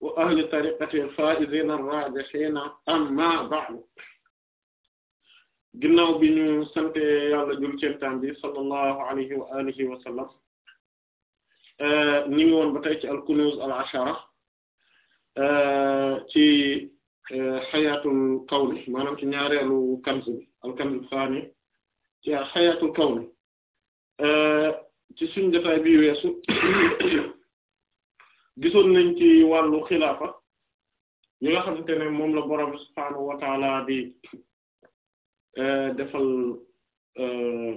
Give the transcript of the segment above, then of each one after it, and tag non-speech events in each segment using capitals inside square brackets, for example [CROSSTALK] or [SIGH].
wa ahli tariqati al-faa'iziina ar-raajihiina amma ba'du ginnaaw bi ñu sante yàlla jul ceentaan bi sallallahu alayhi wa alihi wa sallam ni ngi woon ci al-kunuuz al-ashara ci xayaatul kawni maanaam ci ñaareelu kanz al-kanz al-saani ci xayaatul kawni ci suñu bi weesu gisoon nañ ci wàllu xilaafa yi nga xamante ne moom la boroom subhaanahu wa bi di euh, defal euh,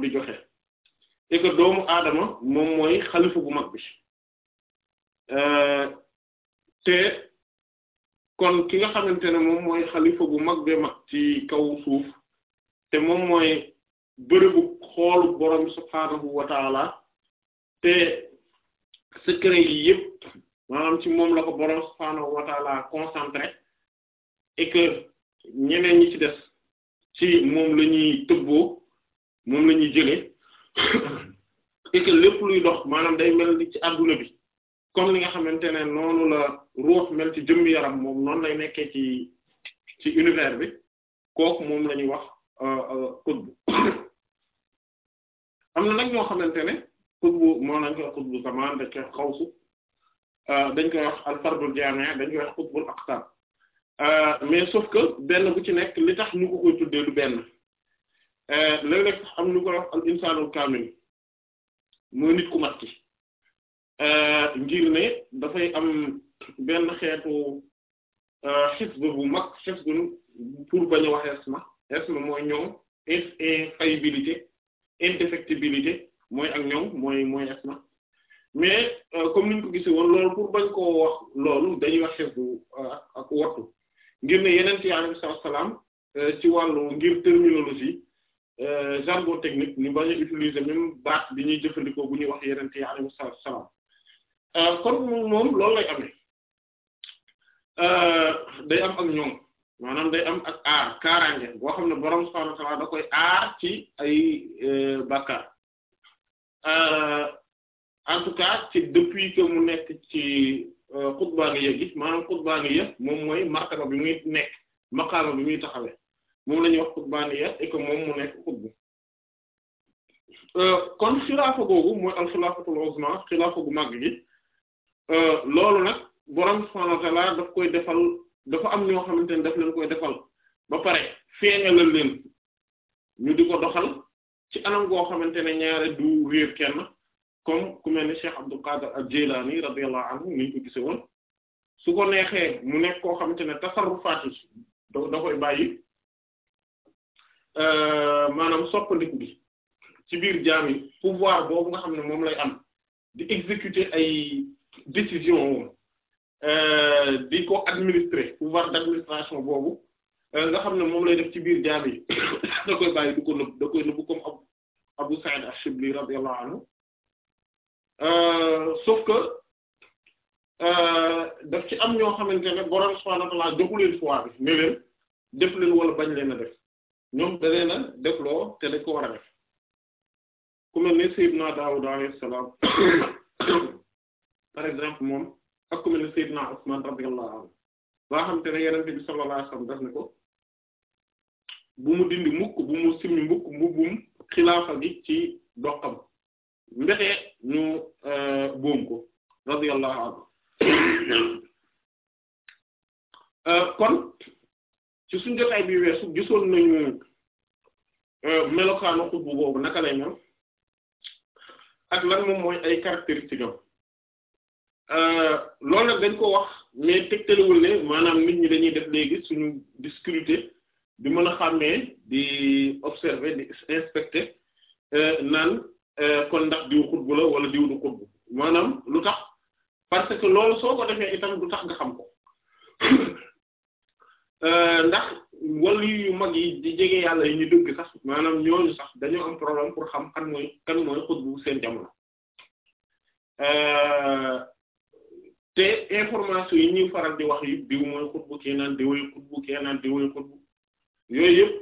di joxe et doomu aadama moom mooy xalifa bu mag bi euh, te kon ki nga xamante ne moom mooy xalifa bu mag be mag ci kaw suuf te moom mooy bërëbu xoolu borom subhaanahu wa te secret yi yëpp maanaam ci moom la ko borom subhaanahu wa ta'ala concentré et que ñeneen ñi ci des ci moom la ñuy tëbboo moom la ñuy jëlee [COUGHS] et lépp luy dox maanaam day mel ni ci adduna bi comme li nga xamante ne noonu la ruux mel ci jëm yaram moom noonu lay nekkee ci ci univers bi kooku moom la ñuy wax qutb euh, euh, [COUGHS] am na nag ñoo xamante ne. xutbu moo nañ koy wax xutbu zamaan dañ koy wax xawsu euh, dañ koy wax al dañ koy wax xutbul aqtaab euh, mais sauf que benn bu ci nekk li tax ñu ko koy tuddee du benn euh, léeg-léeg sax am ñu koy wax al insaanul kaamil mooy nit ku mat ki ne dafay am benn xeetu xisb bu mag xisb pour bañ a wax esma esma mooy ñoom e infaillibilité mooy ak ñoom mooy mooy asma mais euh, comme niñ ko gisee woon loolu pour bañ koo wax loolu dañuy wax xef bu euh, ak wattu ngir ne yeneen ci alayhi salaam euh, ci wàllu ngir terminologie jargon technique ñu bañ a utiliser même baat bi ñuy jëfandikoo bu ñuy wax yeneen ci alayhi salaam kon moom loolu lay amee day am ak ñoom maanaam day am ak aar kaaraange boo xam ne borom subhaanahu wa da koy aar ci ay bàkkaar Euh, en tout cas ci depuis que mu nekk ci euh, xutbaa ngi ya gis maanaam xutbaa ngi moom mooy martaba bi muy nekk maqaama bi muy taxawee moom la ñuy wax xutbaa ngi ya et moom mu nekk xutbu euh, kon xilaafa googu mooy al xilaafatul uzma xilaafa gu màgg gi loolu nag borom subhaanahu wa daf koy defal dafa am ñoo xamante ne daf leen koy defal ba pare feeñalal leen ñu di ko doxal ci anam goo xamante ne ñaare du réer kenn comme ku mel ne Cheikh Abdul Qadir al-Jilani radiyallahu anhu ni ñu ko gisee su ko neexee mu nekk koo xamante ne tasarrufaat yi da da koy bàyyi euh, maanaam soppandiku bi ci biir jaam yi pouvoir boobu nga xam ne moom lay am di exécuter ay décision woon euh, di ko administrer pouvoir d'administration boobu Euh, nga xam ne moom lay def ci biir jaam yi [COUGHS] da koy bàyyi du ko nëbb da koy nëbb comme Abu Abu Sa'id Ash-Shibli radiyallahu anhu euh, sauf euh, daf ci am ñoo xamante ne borom leen fois bi ne leen def def ñoom te dañ ko war a def ku mel ne Seydina Daawud alayhi salaam [COUGHS] par exemple moom ak ku mel ne Seydina Usman radiyallahu anhu baa xam te ne yenente bi sallallahu alayhi wasallam daf ne ko bu mu dindi mukk bu mu simmi mukk mbubbum xilaafa gi ci doxam mbexe ñu euh, boom ko radiyallahu anhu euh, kon ci suñ jotaay bi weesu gisoon nañu euh, melokaanu xutbu boobu naka lay mel ak lan moom mooy ay caractéristiques am loolu nag dañ ko wax mais tegtalewul ne maanaam nit ñi dañuy def léegi suñu discuter di mën a xàmmee di observer di inspecter euh, naan euh, kon ndax diw xutbu la wala diw du xutbu maanaam lu tax parce que loolu soo ko defee itam du tax nga xam ko [COUGHS] euh, ndax wàllu yu mag yi di jege yàlla yi ñu dëgg sax maanaam ñooñu sax dañu am problème pour xam kan mooy kan mooy xutbu seen jamono te information yi ñuy faral di wax yi diw mooy xutbu kee naan diw mooy xutbu kee naan diw mooy xutbu yooyu yëpp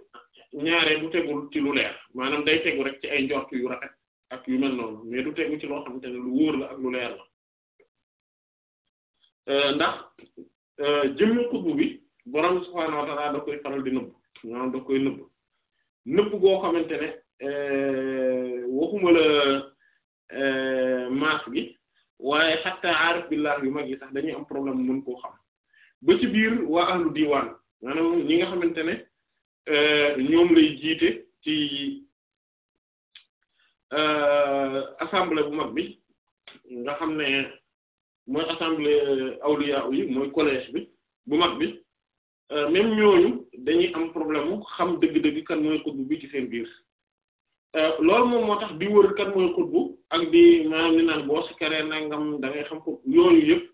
ñaare du tegul ci lu leer maanaam day tegu rek ci ay njort yu rafet ak yu mel noonu mais du tegu ci loo xamante ne lu wóor la ak lu leer la euh, ndax euh, jëmmu xutbu bi borom subhaanahu wa ta'aala da koy faral di nëbb maanaam da koy nëbb nëbb goo xamante ne euh, waxuma la maas gi waaye xatta aarif billaah yu mag yi sax dañuy am problème mën koo xam ba ci biir waa ahlu diiwaan maanaam ñi nga xamante ne Euh, ñoom lay jiite ci euh, assemblée bu mag bi nga xam ne mooy assemblée awliya yi mooy collège bi bu mag bi euh, même ñooñu dañuy am problème xam dëgg-dëgg kan mooy xutbu bi ci seen biir loolu moom moo tax di wër kan mooy xutbu ak di maanaam ni naan boo si karee nangam da ngay xam ko yooyu yëpp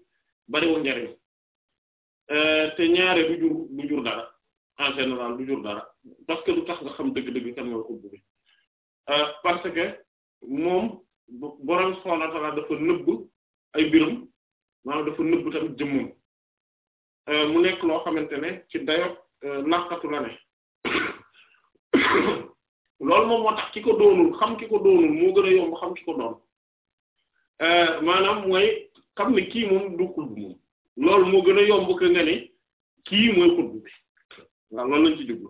bariwul njariñ te ñaare du jur du jur dara en général du jur dara parce que lu tax nga xam dëgg-dëgg kan mooy xutbu bi euh, parce que moom boroom subhaanahu wa ta'aala dafa nëbb ay mbiram maanaam dafa nëbb tamit jëmmum euh, mu nekk loo xamante ne ci dayoo laqatu euh, la ne [COUGHS] loolu moom moo tax ki ko doonul xam ki ko doonul moo gën a yomb xam ki ko doon maanaam mooy xam ne kii moom du xutbu moom loolu moo gën a yomb que nga ne kii mooy xutbu bi waaw loolu lañ ci jublu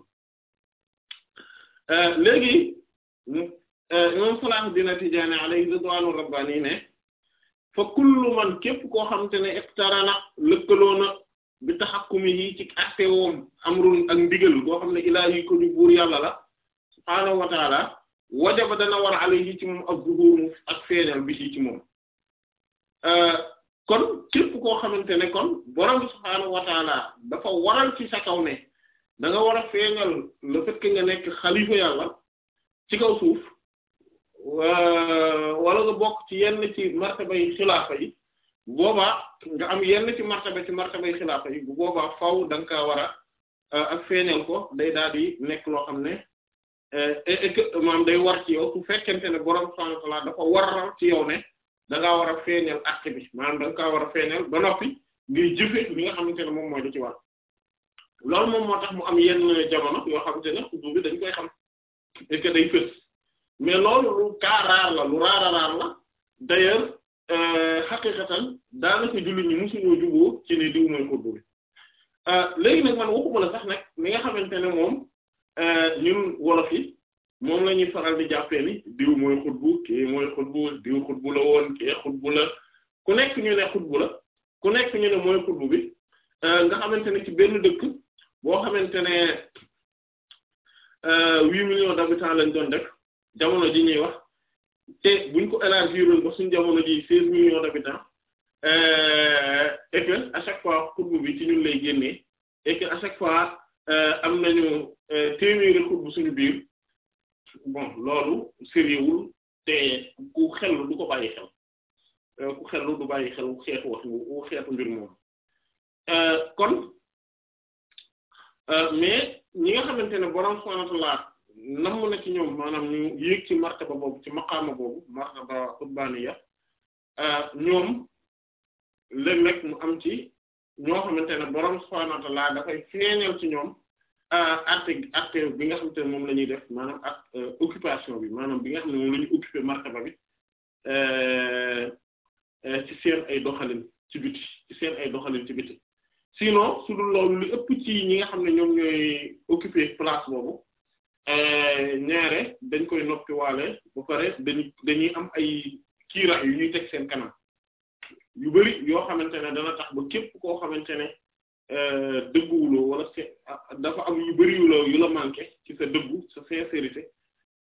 euh, léegi euh, imam Salah Din Tidjânî alayhi ridwanu rabbani ne fa kullu man képp koo xamante ne iqtarana lëkkaloo na bi taxakkumihi ci artewoom amrun ak ndigal boo xam ne ilaahi ko di buur yàlla la subhaanahu wa taala wajaba dana war alayhi ci moom ak zuhuur ak feeñal bi ci moom euh, kon képp koo xamante ne kon borom subhaanahu wa dafa waral ci sa kaw ne danga war a feeñal le fait que nga nekk xalifa yàlla ci kaw suuf euh, wala nga bokk ci yenn ci martabay xilaafa yi boobaa nga am yenn ci martaba ci martabay xilaafa yi bu boobaa faaw da nga kaa war a euh, ak feeñal ko day daal di nekk loo xam ne euh, et day war ci yow su fekkente ne borom subhaanahu wa ta'aala dafa waral ci yow ne da ngaa war a feeñal acte bi maanaam da nga war a feeñal ba noppi ngi jëfe li nga xamante ne moom mooy li ci war. loolu moom moo tax mu am yenn jamono yoo xamante ne xuddu bi dañ koy xam et day fës mais loolu lu cas rare la lu raara raar la d'ailleurs euh, xaqiqatan daanaka jullit ñi musuñoo juboo ci ne diw mooy xuddu bi euh, léegi nag man waxuma la sax nag li nga xamante ne moom euh, ñun wolof yi moom la ñuy faral di jàppee ni diw mooy xutbu kii mooy xutbu diw xutbu la woon kii xutbu la ku nekk ñu ne xutbu la ku nekk ñu ne mooy xutbu bi nga xamante ne ci benn dëkk boo xamante ne euh, huit millions d'habitants lañ doon def jamono ji ñuy wax te buñ ko élargir woon ba suñ jamono ji seize millions d'habitants euh, et que à chaque fois xutbu bi ci ñun lay génnee et à chaque fois euh, am nañu téeméeri xutbu suñu biir bon loolu sériwul te ku xellu du ko bàyyi xel ku xellu du bàyyi xel xeetu wax xeetu mbir moom kon Euh, mais ñi nga xamante ne borom subhaanahu wa na ci ñoom maanaam ñu yéeg ci martaba boobu ci maqaama boobu martaba qurbaaniya euh, ñoom léeg-léeg mu am ci ñoo xamante ne boroom subhaanahu wa ta'aala dafay feeñal ci ñoom euh, acte acte bi nga xamante ne moom la ñuy def maanaam ak occupation bi maanaam bi nga xam ne moom la ñu martaba bi ci seen ay doxalin ci biti ci seen ay doxalin ci biti. sinon su dul loolu li ëpp ci ñi nga xam ne ñoom ñooy occuper place boobu euh, ñaare dañ koy noppiwaale ba pare dañuy am ay kiira yu ñuy teg seen kanam yu bari yoo xamante ne dana tax ba képp koo xamante ne euh, dëgguwuloo wala se dafa am yu bari yu la yu la manqué ci sa dëggu sa sincérité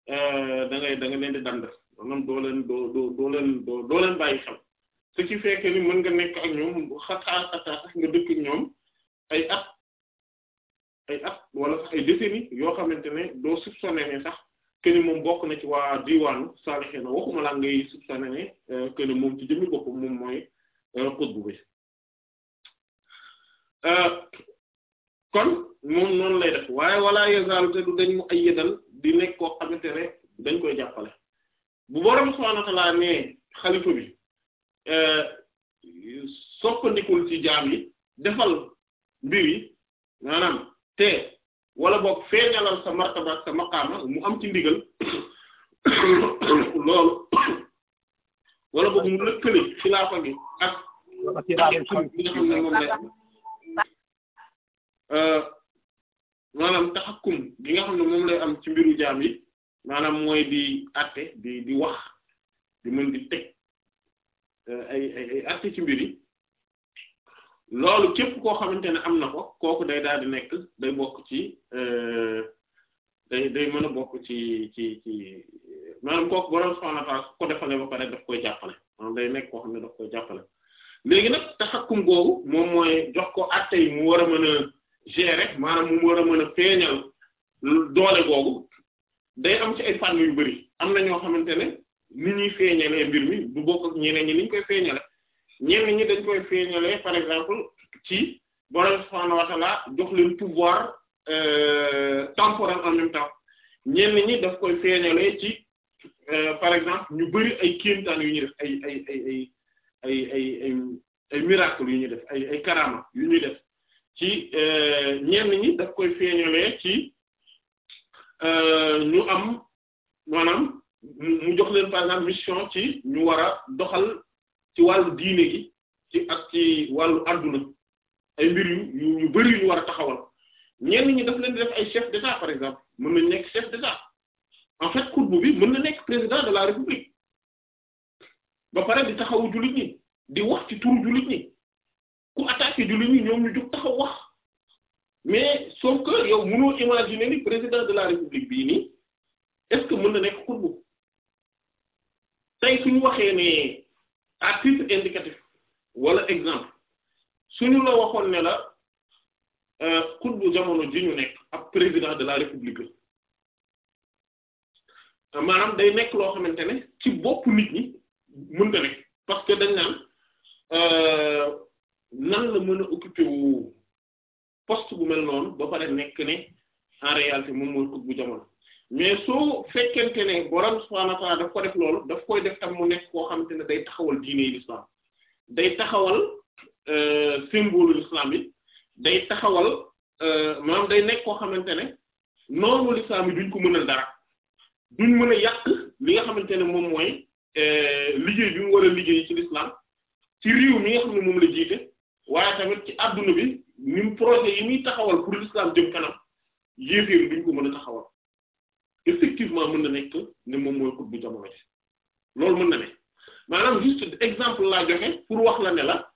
euh, da ngay da nga leen di dand maanaam doo leen doo doo doo leen doo leen bàyyi xel su ci fekkee ni mën nga nekk ak ñoom xataa xataa sax nga dëkk ñoom ay at ay at wala sax ay décennies yoo xamante ne doo soupçonné ne sax que moom bokk na ci waa diwaanu saalixiina waxuma laa ngay soupçonné ne euh, que moom ci jëmmi boppam moom mooy euh, xutbu bi euh, kon moom noonu lay def waaye wala yazaalu te du dañ mu ay yedal di nekk koo xamante ne dañ koy jàppale bu borom subhaanahu wa ta'aala nee xalifa bi. Euh, soppandikul ci jaam yi defal mbir yi maanaam te wala boog feeñalal sa martaba sa maqaama mu am ci ndigal [COUGHS] loolu [COUGHS] wala boog mu lëkkale xilaafa gi ak li euh, maanaam taxakkum gi nga xam ne moom lay am ci mbiru jaam yi maanaam mooy di àtte di di wax di mën di teg ay ay ay actes ci mbir yi loolu képp koo xamante ne am na ko kooku day daal di nekk day bokk ci euh, day day mën a bokk ci ci ci maanaam kooku borom subhanahu wa ta'ala ko defalee ba pare daf koy jàppale maanaam day nekk koo xam ne daf koy jàppale léegi nag taxakum googu moom mooy jox ko àtte yi mu war a mën a gérer maanaam mu war a mën a feeñal doole googu day am ci ay fànn yu bari am na ñoo xamante ne. ni ñuy feeñalee mbir mi du bokk ak ñeneen ñi liñ ñu koy feeñale ñenn ñi dañ koy feeñalee par exemple ci borom subhaanahu wa ta'ala jox leen pouvoir euh, temporel en même temps ñenn ñi daf koy feeñalee ci euh, par exemple ñu bari ay kéemtaan yu ñu def ay ay ay ay ay miracle yu ñu def ay ay karama yu ñu def ci euh, ñenn ñi daf koy feeñalee ci ñu am maanaam. mu jox leen par exemple mission ci ñu war a doxal ci wàllu diine gi ci ak ci wàllu adduna ay mbir yu ñu bari yu ñu war a taxawal ñenn ñi daf leen di def ay chef d'état par exemple mën nañ nekk chef d'état en fait xutbu bi mën na nekk président de la république ba pare di taxawu jullit ñi di wax ci turu jullit ñi ku attaqué jullit ñi ñoom ñu jóg taxaw wax mais sauf que yow mënoo imaginer ni président de la république bii nii est-ce que mën na nekk tey suñu waxee ne à titre indicatif wala exemple suñu la waxoon ne la euh, xutbu jamono ji ñu nekk ab président de la république la maanaam day nekk loo xamante ne ci bopp nit ñi mën na nekk parce que dañ naan euh, nan la mën a occuper wu poste bu mel noonu ba pare nekk ne en réalité moom mooy xutbu jamono mais soo fekkente ne borom subhaanahu wa ta'aala daf ko def loolu daf koy def tam mu nekk koo xamante ne day taxawal diine l'islam day taxawal euh, symbole bi day taxawal euh, maanaam day nekk koo xamante ne noonu l'islam yi duñ ko mënal dara duñ mën a yàq li nga xamante ne moom mooy euh, liggéey bi mu war a liggéey ci l'islam ci réew mi nga xam ne moom la jiite waaye tamit ci àdduna bi ni projet yi muy taxawal pour l'islam jëm kanam yéeféer duñ ko mën a taxawal effectivement mën na nekk ne moom mooy xut bu jamono ji loolu mën na ne maanaam juste exemple laa joxe pour wax la ne la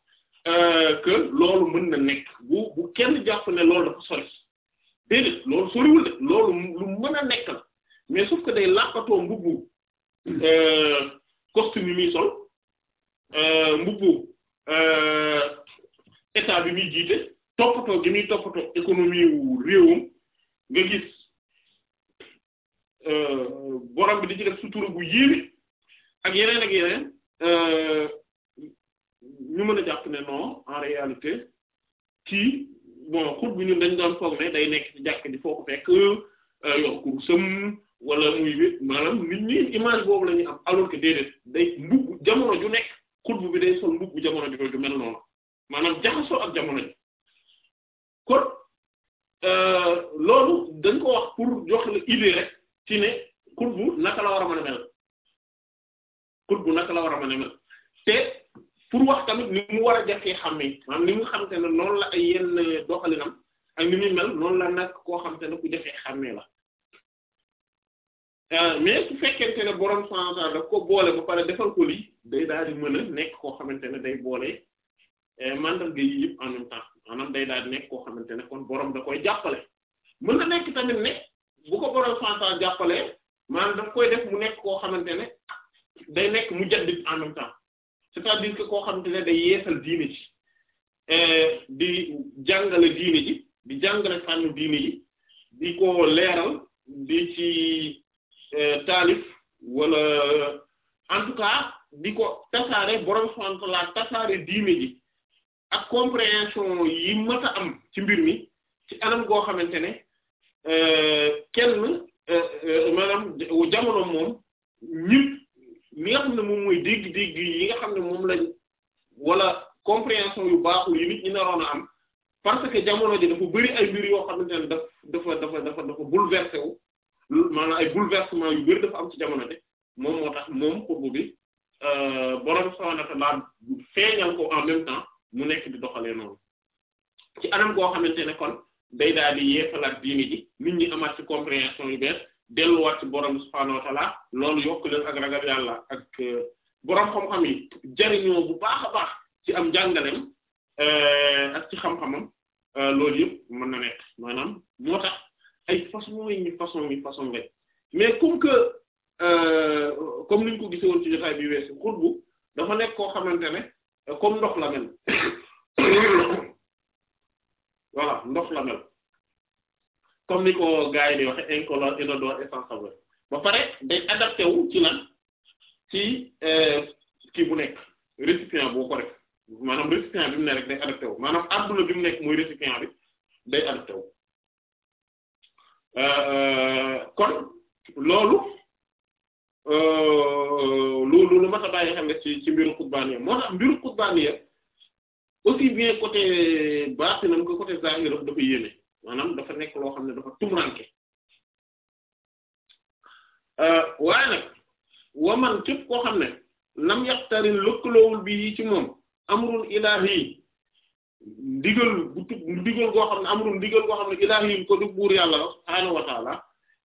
euh, que loolu mën na nekk bu bu kenn jàpp ne loolu dafa sori déedéet loolu lu mën a nekk la mais sauf que day làqatoo mbubbu euh, costume yi muy sol euh, mbubbu état bi muy jiite toppatoo gi muy toppatoo économie wu nga gis Euh, borom bi di ci def sutura bu yéeme ak yeneen ak yeneen euh, ñu mën a jàpp ne non en réalité kii bon xut bi ñun dañ daan foog ne day nekk ci jàkk di foo ko fekk euh, yor kur sëm wala muy wét maanaam nit ñi image boobu la am alors que déedéet day mbugg jamono ju nekk xutbu bi day sol mbugg jamono ju ju mel noonu maanaam jaxasoo ak jamono ji kon loolu dañ ko wax pour jox la idée rek ci ne xutbu naka la war a mën a mel xutbu naka la war a mën a mel te pour wax tamit ni mu war a jafee xam ne ni mu xam te ne noonu la ay yenn doxalinam ak ni muy mel noonu la nag koo xam te ne ku jafee xàmmee la euh, mais su fekkente ne borom sansa daf ko boole ba pare defal ko lii day daal di mën nekk koo xamante ne day boole euh, mandarga yi yëpp en même temps maanaam day daal di nekk koo xamante ne kon borom da koy jàppale mën na nekk tamit ne. bu ko borom santal jàppalee maanaam daf koy def mu nekk koo xamante ne day nekk mu jaddit en même temps c'est-à-dire que koo xamante ne day yeesal diine ji eh, di jàngale diine ji di ko leeral di ci eh, taalif wala en tout cas di ko tasaare borom subhanahu wa ta'ala tasaare diine ji ak compréhension yi mat a am ci mbir mi ci anam goo xamante ne kenn euh, euh, maanaam jamono moom ñëpp mi nga xam ne moom mooy dégg-dégg yi nga xam ne moom lañ wala compréhension yu baaxul yi nit ñi naroon a am parce que jamono ji dafa bari ay mbir yoo xamante ne daf dafa dafa dafa dafa bouleversé wu maanaam ay bouleversement yu bari dafa am ci jamono ji moom moo tax moom xutbu bi euh, borom subhaanahu wa ta'aala feeñal ko en même temps mu nekk di doxalee noonu ci anam goo xamante ne day daal di yeesalaat diini ji nit ñi amaat ci compréhension yu bees delluwaat ci borom subhaanahu loolu yokk leen ak ragal yàlla ak euh, borom xam-xam yi jariñoo bu baax a baax ci am jàngaleem euh, ak ci xam-xamam euh, loolu yëpp mën na nekk maanaam moo tax ay façon yi façon yi façon rek mais comme que comme niñ ko gisewoon ci jotaay bi weesu xutbu dafa nekk koo xamante ne comme ndox la mel [COUGHS] voilà ndox la mel comme ni ko gars yi di waxe incolore inodore et sans ba pare day adapté ci lan ci euh, kii bu nekk récipient boo ko def maanaam récipient bi mu ne day adapté wu maanaam adduna bi mu nekk mooy récipient bi day adapté euh, euh, kon loolu loolu lu ma sa bàyyi xam ne ci ci mbiru xutbaaniya moo tax mbiru xutbaaniya aussi bien côté baatinam que côté zahiram dafa yéeme maanaam dafa nekk loo xam ne dafa tumranke euh, waaye nag waman képp koo xam ne lam yaxtarin lëkkaloowul bi ci moom amrun ilahi ndigal bu tub ndigal goo xam ne amrun ndigal goo xam ne ilahi ko du buur yàlla subhaanahu wa taala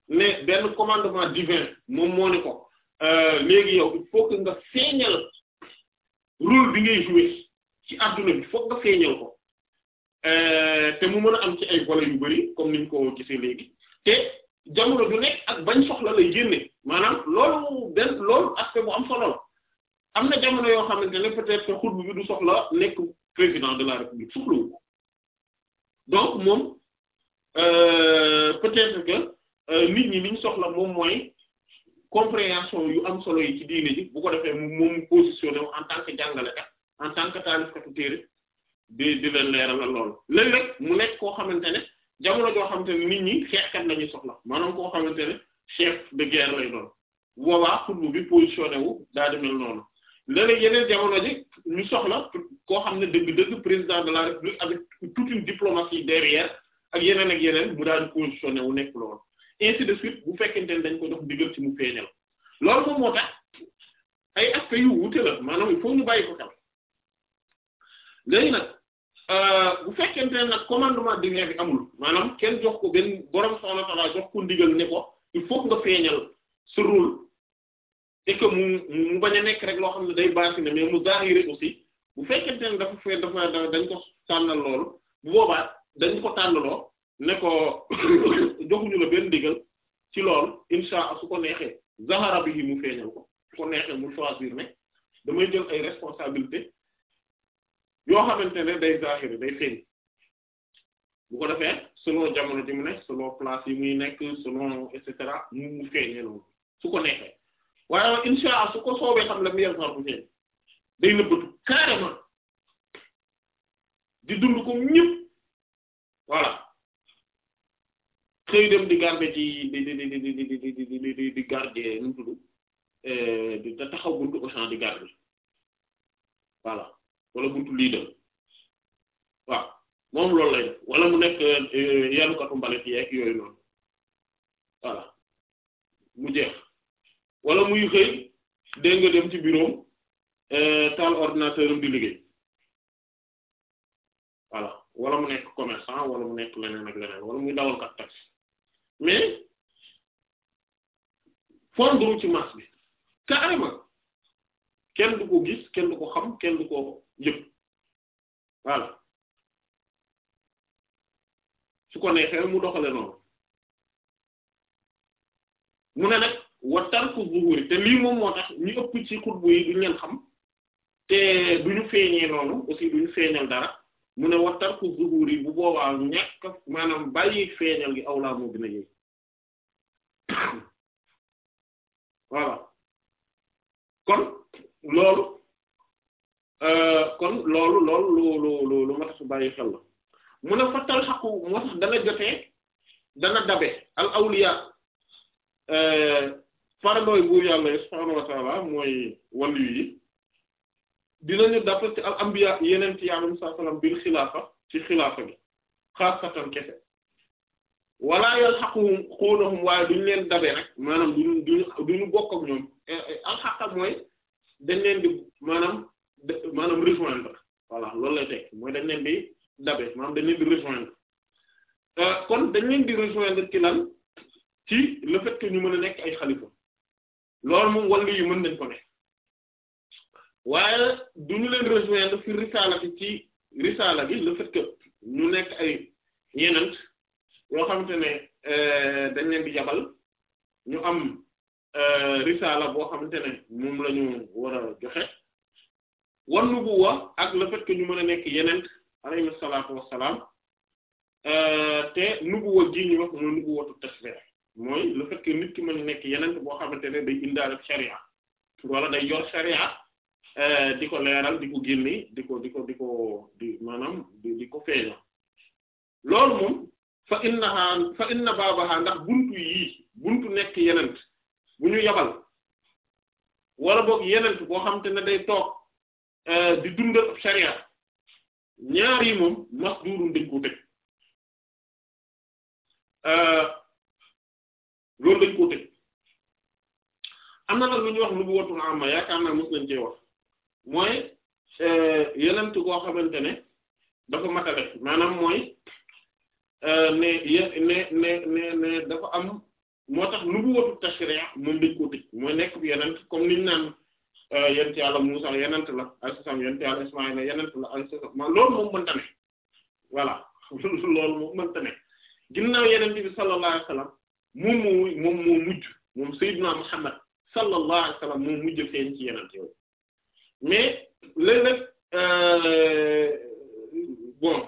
mais benn commandement divin moom moo ni ko euh, léegi yow il nga feeñal rôle bi ngay jouer ci àdduna bi foog nga feeñal ko euh, te mu mën a am ci ay volets yu bari comme niñ ko gisee léegi te jamono du nekk ak bañ soxla lay génne maanaam loolu benn loolu aspect bu am solo am na jamono yoo xamante ne peut-être xutba bi du soxla nekk président de la république soxlawu ko donc moom euh, peut-être que euh, nit ñi liñ soxla moom mooy compréhension yu am solo yi ci diine ji bu ko defee moom positionné en tant que jàngalekat en tant que taaliskatu téere di di leen leeralal loolu léeg-léeg mu nekk koo xamante ne jamono joo xamante ne nit ñi xeexkat la ñuy soxla maanaam koo xamante ne chef de guerre lay doon boobaa xutbu bi positionné wu daa demel noonu léeg-léeg yeneen jamono ji ñu soxla koo xam ne dëgg-dëgg président de la république avec toute une diplomatie derrière ak yeneen ak yeneen mu daal di positionné wu nekk loolu ainsi de suite bu fekkente ne dañ ko jox digal ci mu feeñal loolu moom moo tax ay aspects yu wuute maanaam il faut bàyyi ko xel léegi nag euh, bu fekkente ne nag commandement divin bi amul maanaam kenn jox ko benn borom subhaanahu wa ta'aala jox ko ndigal ne ko il faut nga feeñal sa rôle et que mu mu bañ a nekk rek loo xam ne day baasi ne mais mu yi aussi bu fekkente ne dafa fee dafa dañ ko tànnal loolu bu boobaa dañ ko tànnaloo ne ko [COUGHS] joxuñu la benn ndigal ci loolu insha su ko neexee zahara bi mu feeñal ko su ko neexee mu choisir ne damay jël ay responsabilité yoo xamante ne day zahir day feeñ bu ko defee selon jamono ji mu nekk selon place yi muy nekk selon et mu mu feeñee loolu su ko neexee waaye insha Allah su ko soobee xam la mu yen sar bu feeñ day nëbbatu carrément di dund ko ñëpp voilà xëy dem di garder ci di di di di di di di di di garder nu mu tudd di taxaw buntu Auchan di garder voilà wala buntu leader waaw moom loolu lay def wala mu nekk euh, yanukatu mbalit yeeg yooyu noonu voilà mu jeex wala muy xëy dégg dem ci bureau euh, taal ordinateur am di liggéey voilà wala mu nekk commerçant wala mu nekk leneen ak leneen wala muy dawalkat taxi mais fondre ci masse bi carrément kenn du ko gis kenn du ko xam kenn du ko yëpp voilà su ko neexee mu doxale noonu mu ne nag wa tarku zuhuri te lii moom moo tax ñu ëpp ci xutbu yi duñ leen xam te duñu feeñee noonu aussi duñu feeñal dara mu ne wa tarku zuhuri bu boobaa ñàkk maanaam bàyyi feeñal gi awlaa moo gën a yëy [COUGHS] voilà kon loolu Euh, kon loolu loolu lu lu lu ma tax bàyyi xel la mu ne fattal xaqu moo tax dana jotee dana dabe al awliya euh, farandooy buur yàlla mooy wàllu yi dinañu dàpp ci al anbiya yeneen ci yàlla sallallahu alayhi wasallam waaye duñu leen dabe nag maanaam duñu duñu duñu bokk ak ñoom eh, eh, mooy dañ leen di maanaam maanaam rejoindre voilà loolu lay teg mooy dañ leen di dabe maanaam dañ leen di rejoindre euh, kon dañ leen di rejoindre ci lan ci le fait ñu mën a nekk ay xalifa loolu moom wàllu yi mën nañ ko ne waaye du ñu leen rejoindre fi risaala bi ci risaala bi le fait ñu nekk ay yenant yoo xamante ne euh, dañ leen di yabal ñu am euh, risaala boo xamante ne moom la ñu joxe wan nubuwa ak le fait ñu mën a nekk yeneen alayhi salaatu wassalaam euh, te nubuwa gi ñu wax mooy nubuwatu tashbih mooy le fait nit ki mën a nekk yeneen boo xamante ne day indaale sharia wala day yor sharia euh, di ko leeral di ko génne di ko di ko di ko di maanaam di di ko feeña loolu moom fa innaha fa inna baabaha ndax buntu yii buntu nekk yeneen bu ñu yabal wala boog yeneen boo xamante ne day toog Euh, di dund ab sharia ñaar yi moom masduurun dañ koo tëj euh, loolu dañ tëj am na nag lu ñuy wax nubuwatul amma yaakaar naa mos nañ cee wax mooy euh, yenent koo xamante ne dafa matale maanaam mooy ne ne ne ne dafa am moo tax nubuwatul tashri' moom dañ koo tëj mooy nekk bi yenent comme niñ naan Eh, yonent yàlla Muusaa yonent la alayhi salaam yonent yàlla Ismaayil yonent la alayhi salaam loolu moom mënta ne voilà [LAUGHS] loolu moom mënta ne ginnaaw yonent bi sallallahu alayhi wa sallam moom moo moom mujj moom Seydina Muhammad sallallahu alayhi wa sallam moo mujj feeñ ci yonent yooyu mais léeg-léeg euh, bon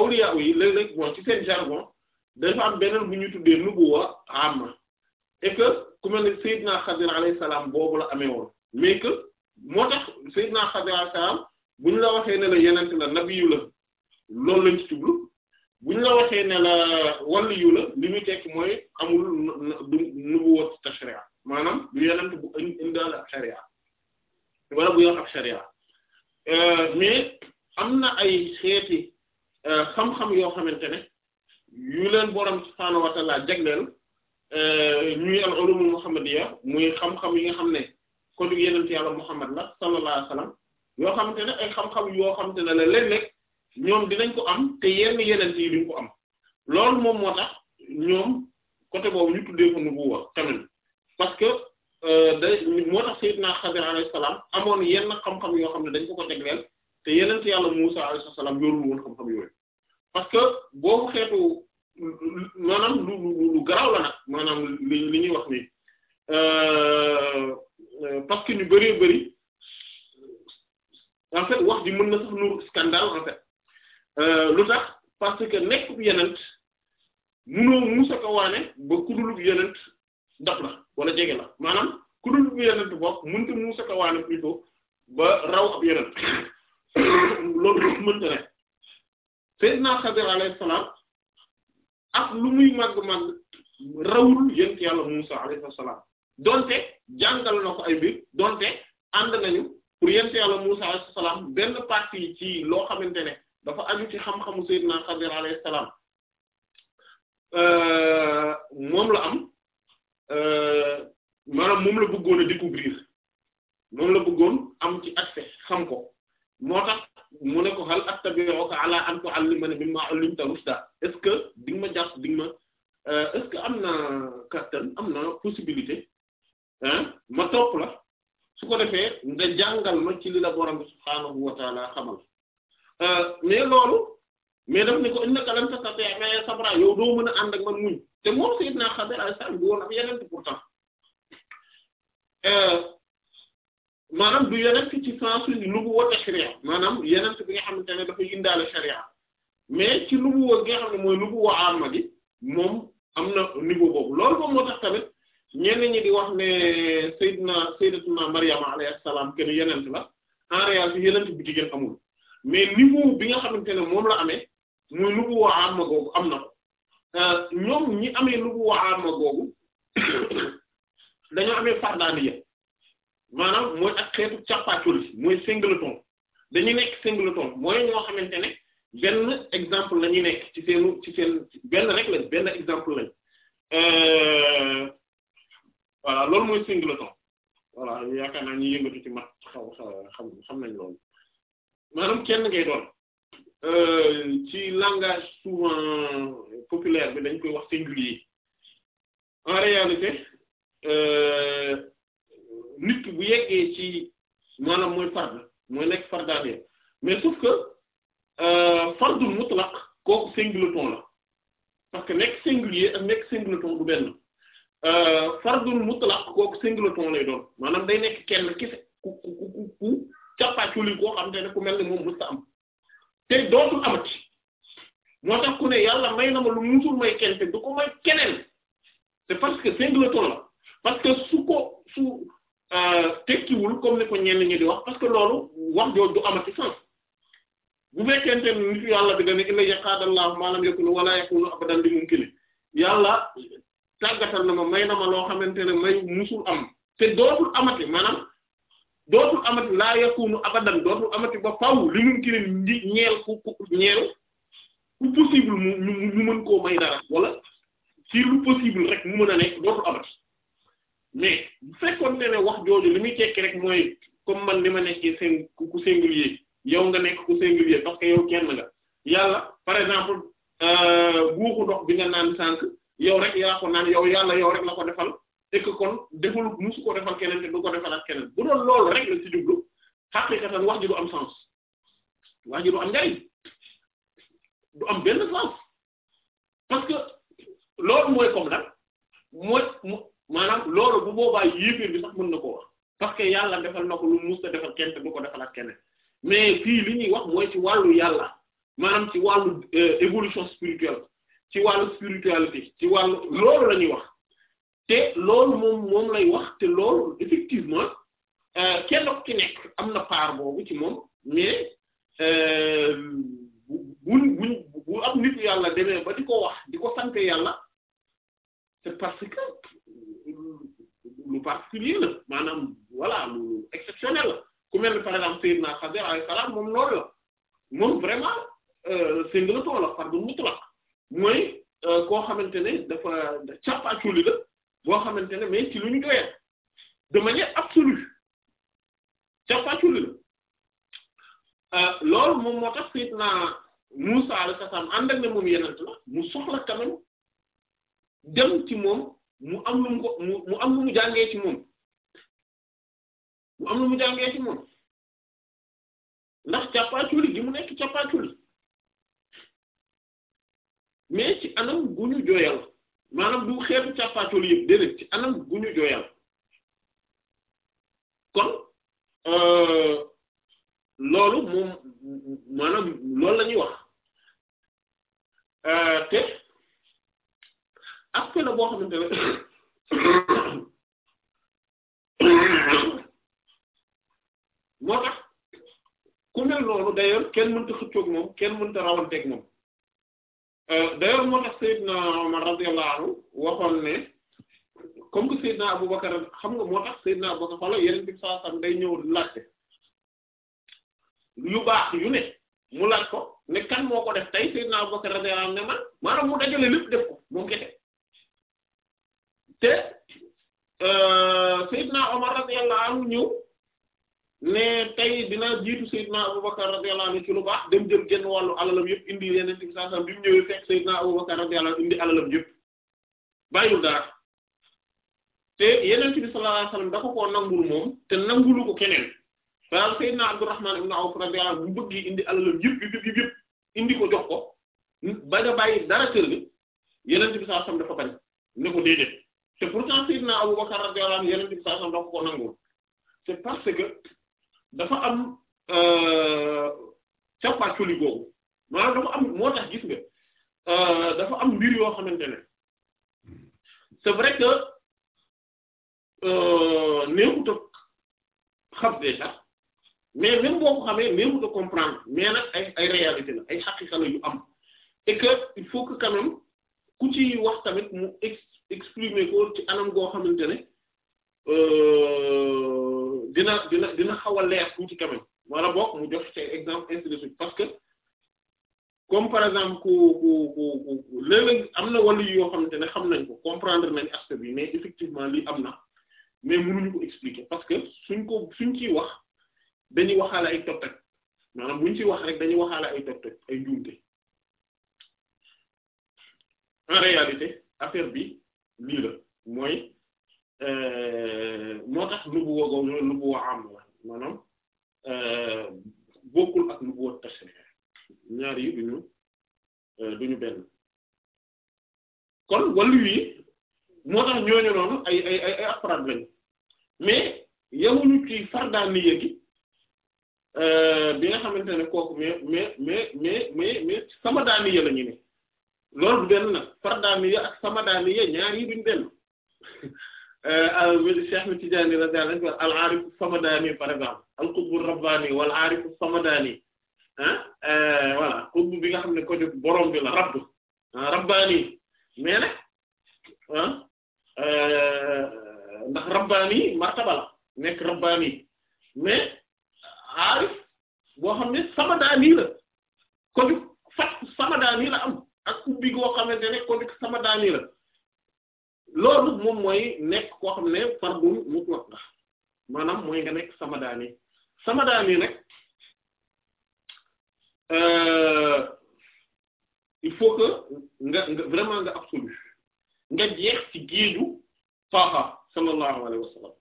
awliya yi léeg-léeg bon ci seen jargon dafa am beneen bu ñu tuddee nubuwa amma et que ku mel ne Seydina Xadir alayhi salaam boobu la amee woon mais que moo tax Seydina Xadir alayhi salaam buñ la waxee ne la yenent la nabiyu la loolu lañ ci jublu buñ la waxee ne la waliyu la li muy tekk mooy amul du nubuwwat tashri'a maanaam du yenent bu indaal ak sharia wala bu yor ak sharia euh, mais am na ay xeeti euh, xam-xam yoo xamante ne yu leen borom subhaanahu wa ta'ala Euh, ñuy al ulumul muhammadiya muy xam-xam yi nga xam ne ko du yenent yàlla muhammad la sallallahu alayhi wasallam yoo xamante ne ay xam-xam yoo xamante ne la léeg-léeg ñoom dinañ ko am te yenn yenent yi duñ ko am loolu moom moo tax ñoom côté boobu ñu tuddee ko nubuwa tamit parce que euh, day moo tax sayyidna Xadir alayhi salaam amoon yenn xam-xam yoo xam ne dañ ko ko tegleel te yenent yàlla Muusa alayhi salaam yorul woon xam-xam yooyu parce que boobu xeetu maanaam lu lu lu garaaw la nag maanaam li li ñuy wax nii euh, parce que ñu bëree bëri en fait wax ji mën na sax nuru scandale en fait euh, lu tax parce que nekk bu yenent munoo musa ko waane ba kudulub yenent daf la wala jege la maanaam kudulub yenent bopp mënta musa ko waane plutôt ba raw ab yenent [COUGHS] loolu mënta ne Seydina Xadir alayhi salaam ak lu muy màgg-màgg rawul yent yàlla Musa alayhi salaam donte jàngal na ko ay mbir donte ànd nañu pour yent yàlla Musa alayhi salaam benn partie ci loo xamante ne dafa aju ci xam-xamu Seydina Xadir alayhi salaam euh, moom la am euh, maanaam moom la bëggoon a découvrir moom la bëggoon am ci accès xam ko moo tax mu ne ko hal attabi'uka ala an tu'allimani mimma 'ullimta rushda est-ce que di nga ma jàpp di nga ma euh, est-ce que am na kattan am na possibilité ah ma topp la su ko defee nga jàngal ma ci li la borom bi subhaanahu wa ta'ala xamal euh, mais loolu mais daf ne ko innaka lan tastati'a ma'iya sabra yow doo mën a ànd ak man muñ te moom sayyidna Xadir alayhi salaam bi woon ak yeneen pourtant. Euh, maanaam du yeneen ci sens ni lu mu woote sharia maanaam yeneen bi nga xamante ne dafa yindaale sharia mais ci lu mu gi xam ne mooy lu mu gi moom am na niveau boobu loolu moom moo tax tamit ñenn ñi di wax ne Seydina Seydatuna Maryama alayhi salaam kenn yeneen la en réalité yeneen bu jigéen amul mais niveau bi nga xamante ne moom la amee muy lu mu woo amma googu am na ko euh, ñoom ñi amee lu mu woo amma googu [COUGHS] dañoo amee fardaaniya maanaam mooy ak xeetu càppaacoli mooy singleton dañuy nekk singleton mooy ñoo xamante ne benn exemple la nekk ci seenu ci seen benn rek lañ benn exemple lañ euh, voilà loolu mooy singleton voilà yaakaar naa ñu yëngatu ci mat xaw xam xam nañ loolu maanaam kenn ngay doon euh, ci langage souvent populaire bi dañ koy wax singulier en réalité. Euh, nit bu yeggee ci maanaam mooy fard mooy nekk fardaanee mais sauf que euh, fardul mutlaq kooku singleton la parce que nekk singulier ak nekk euh, doon maanaam day nekk kenn kese ku ku ku ku cappaaculi koo xam te ne ku mel ni moom musta am te dootul amati moo tax ku ne yàlla may na ma lu musul may kenn te du ko may keneen c'est parce que singleton la parce que su ko su Euh, tekkiwul comme ni ko ñenn ñi di wax parce que loolu wax jooju du amati sens bu fekkente ni nitu yàlla bi dana illa yaqaadallahu ma lam yakun wala yakunu abadan li mumkin yàlla tàggatal na ma may na ma loo xamante ne may musul am te dootul amati maanaam dootul amati laa yakunu abadan dootul amati ba faaw li mumkin di ñeel ku ñeel ku possible mu mu mën koo may dara wala si lu possible rek mu mën a nekk dootul amati. mais fekkoon ne wax jooju li muy tekki rek mooy comme man li ma nekkee seen ku singulier yow nga nekk ku singulier parce que yow kenn nga yàlla par exemple euh, guuxu ndox bi nga naan sànq yow rek yaa ko naan yow yàlla yow rek la ko defal te kon deful musu ko defal keneen te du ko defal keneen bu doon loolu rek la ci jublu xaqiqatan wax ji du am sens wax ji du am njariñ du am benn sens parce que loolu mooy comme lan mooy. maanaam loolu bu boobaa yéeféer bi sax mën na ko wax parce que yàlla defal na ko lu musta defal kenn te du ko defalaat keneen mais fii li ñuy wax mooy ci wàllu yàlla maanaam ci wàllu euh, évolution spirituelle ci wàllu spiritualité ci wàllu loolu la ñuy wax te loolu moom moom lay wax te loolu effectivement euh, kenn ku ci nekk am na part boobu ci moom mais euh, bu buñ bu am nit yàlla demee ba di ko wax di ko sant yàlla c'est parce que lu particulier la maanaam voilà lu exceptionnel la ku mel ne par exemple Seydina Xadir alayhi salaam moom loolu la moom vraiment euh, singleton la fardu mutlaq mooy euh, koo xamante ne dafa càppaaculi la boo xamante ne mais ci lu ñu doyal de manière absolue càppaaculi la euh, loolu moom moo tax Seydina Muusaa alayhi salaam ànd ak ne moom yenent la mu soxla quand dem ci moom mu am lu mu ko mu lu mu jàngee ci moom mu am lu mu jàngee ci moom ndax càppaaculi gi mu nekk càppaaculi mais ci anam gu ñu jooyal maanaam du xeetu càppaaculi yëpp déedéet ci anam gu ñu jooyal kon euh, loolu moom maanaam loolu la wax euh, te aspect la boo xamante ne moo tax ku mel noonu d'ailleurs kenn mënta xëccoog moom kenn mënta rawanteeg moom euh, d'ailleurs moo tax Seydina Omar radiyallahu waxoon ne comme que Seydina Aboubacar xam nga moo tax Seydina Aboubacar xolo yeneen bi saa sam day ñëw laajte yu baax yu ne mu laaj ko ne kan moo ko def tey Seydina Aboubacar radiyallahu anhu ne man maanaam mu dajale lépp def ko moom kete te euh, Seydina Omar radiyallahu anhu ñëw ne tey dina jiitu Seydina Abubakar radiyallahu anhu ci lu baax dem jël genn wàllu alalam yëpp indi yeneen ci saa saa bi mu ñëwee fekk Seydina Abubakar radiyallahu indi alalam yëpp bàyyul dara te yeneen ci bi sallallahu alayhi wasallam da ko koo nangul moom te nangulu ko keneen daal Seydina Abdurrahman ibn Awf radiyallahu anhu bu bëgg indi alalam yëpp yëpp yëpp indi ko jox ko ba nga bàyyi dara kër gi yeneen ci bi sallallahu dafa bañ te pourtant Seydina Abu Bakar radiyallahu anhu yeneen bi saa daf ko nangul c'est parce que dafa am euh, cappaaculi googu maanaam dafa am moo tax gis nga euh, dafa am mbir yoo xamante ne c'est vrai que euh, neexut a xam déjà mais même boo xamee neexut a comprendre mais nag ay réalité la ay xaqiqa la yu am et que il faut que quand même ku ci wax tamit mu ex exprimer ko ci anam goo xamante ne euh, dina dina dina xaw a leer tuuti quand même wala boog mu jox ci exemple ainsi de parce que comme par exemple ku ku ku léeg-léeg am na wàllu yoo xamante ne xam nañ ko comprendre nañ aspect bi mais effectivement lii am na mais mënuñu ko expliquer parce que suñ ko suñ ciy wax dañuy waxaale ay toj-toj maanaam buñ ciy wax rek dañuy waxaale ay toj-toj ay njuumte en réalité affaire bi. lii la mooy euh, moo tax nubuwa googu am la maanaam euh, bokkul ak nubuwa tashri'i ñaar yi duñu euh, duñu benn kon wàllu yi moo tax ñooñu noonu ay ay ay ay lañu mais yamuñu ci fardaaniya gi bi nga xamante ne kooku mais mais mais mais mais mais sama daaniya la ñu ne. loolu du benn ak samadaaniya ñaar yi duñ benn euh, al Cheikh mi Tijaani radiyallahu al aarifu samadaani par exemple al qutbu rabbaani wal aarifu samadaani ah qutbu bi nga xam ne ko def borom bi la ah, rabbaani mais euh, ndax rabbaani martaba nekk rabbaani mais aarif boo xam ne samadaani la ko def fat samadaani la am. ak ubbi goo xamante ne kon sama daani la loolu moom mooy nekk koo xam ne fardun mutlaq la maanaam mooy nga nekk sama daani sama daani nag euh, il faut que nga nga vraiment nga absolu nga jeex ci géeju taaha sallallahu alayhi wa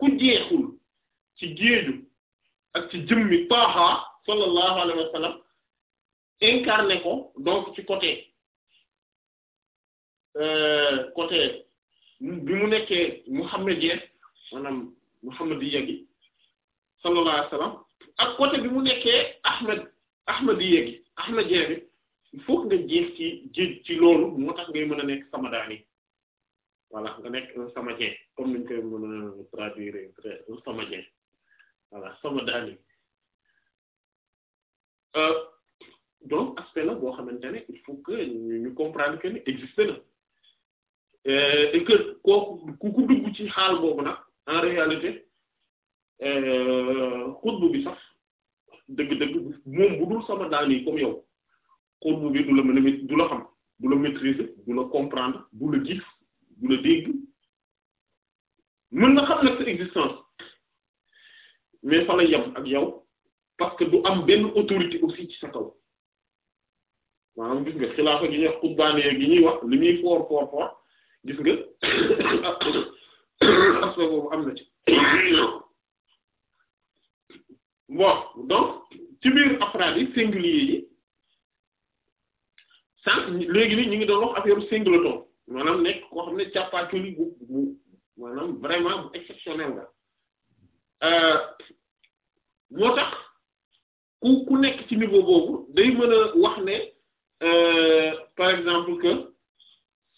ku jeexul ci géeju ak ci jëmmi taaha sallallahu alayhi wa incarné ko donc ci côté euh, côté bi mu nekkee muhammadiyya maanaam muhammadiyya gi sallallahu alayhi wasallam ak côté bi mu nekkee ahmed ahmadiyya gi ahmadiyya bi il faut nga ci ji ci loolu moo tax ngay mën a nekk samadaani voilà nga nekk un samadien comme niñ koy mën a traduire un samadien voilà samadaani euh, donc aspect la boo xamante ne il faut que ñu comprendre que ni existe na euh, et kooku ku ku dugg ci xaal boobu nag en réalité euh, xutbu bi sax dëgg-dëgg moom bu dul sama daan yi comme yow xutbu bi du la mën a du du la comprendre du la gis du la dégg mën na xam nag sa existence mais fa la yem ak yow parce que du am benn autorité aussi ci sa kaw. maanaam gis nga xilaafa gi ñuy wax xutbaanee gi ñuy wax li muy foor foor foor gis nga [COUGHS] aspect boobu am na ci bon donc ci biir afraad yi singulier yi sànq léegi ni ñu ngi doon wax affaire singleton maanaam nekk koo xam ne càppaaculi bu bu maanaam vraiment bu exceptionnel nga euh, moo tax ku ku nekk ci niveau boobu day mën a wax ne Euh, par exemple que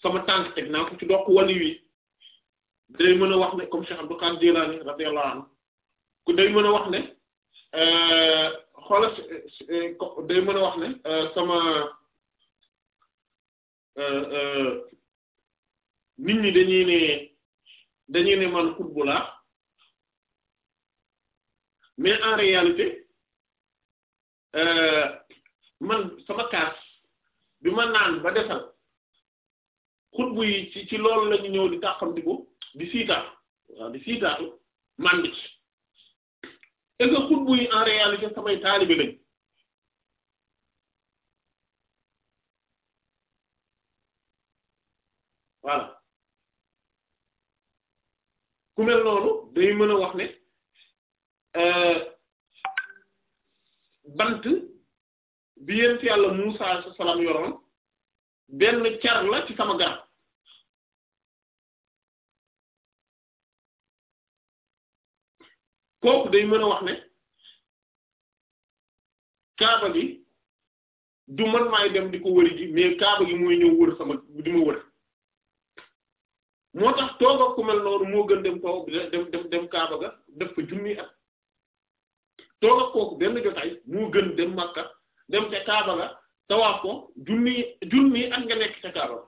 sama tànk teg naa ko ci doq wi day mën a wax ne comme Cheikh Abdou Qadir Jilani radiyallahu anhu ku day mën a wax ne euh, xoola euh, day mën a wax ne sama nit ñi dañuy ne dañuy ne man xutbu mais en réalité man sama kaas bi ma naan ba desal xutbu yi ci loolu la ñëw di tàqamtiku di siitaatu waaw di siitaatu man di ci est ce que xutbu yi en réalité samay taalibe lañ voilà ku mel noonu day mën a wax ne euh, bant bi yent yàlla Muusaa sa salaam yoroon benn car la ci sama garab kooku day mën a wax ne kaaba gi du man maay dem di ko wëri ji mais kaaba gi mooy ñëw wër sama di ma wër moo tax toog ku mel noonu moo gën dem kaw dem dem dem kaaba ga def fa junni at toog kooku benn jotaay moo gën dem Makka dem ca Kaaba la tawaaf ko junni junni ak nga nekk ca Kaaba la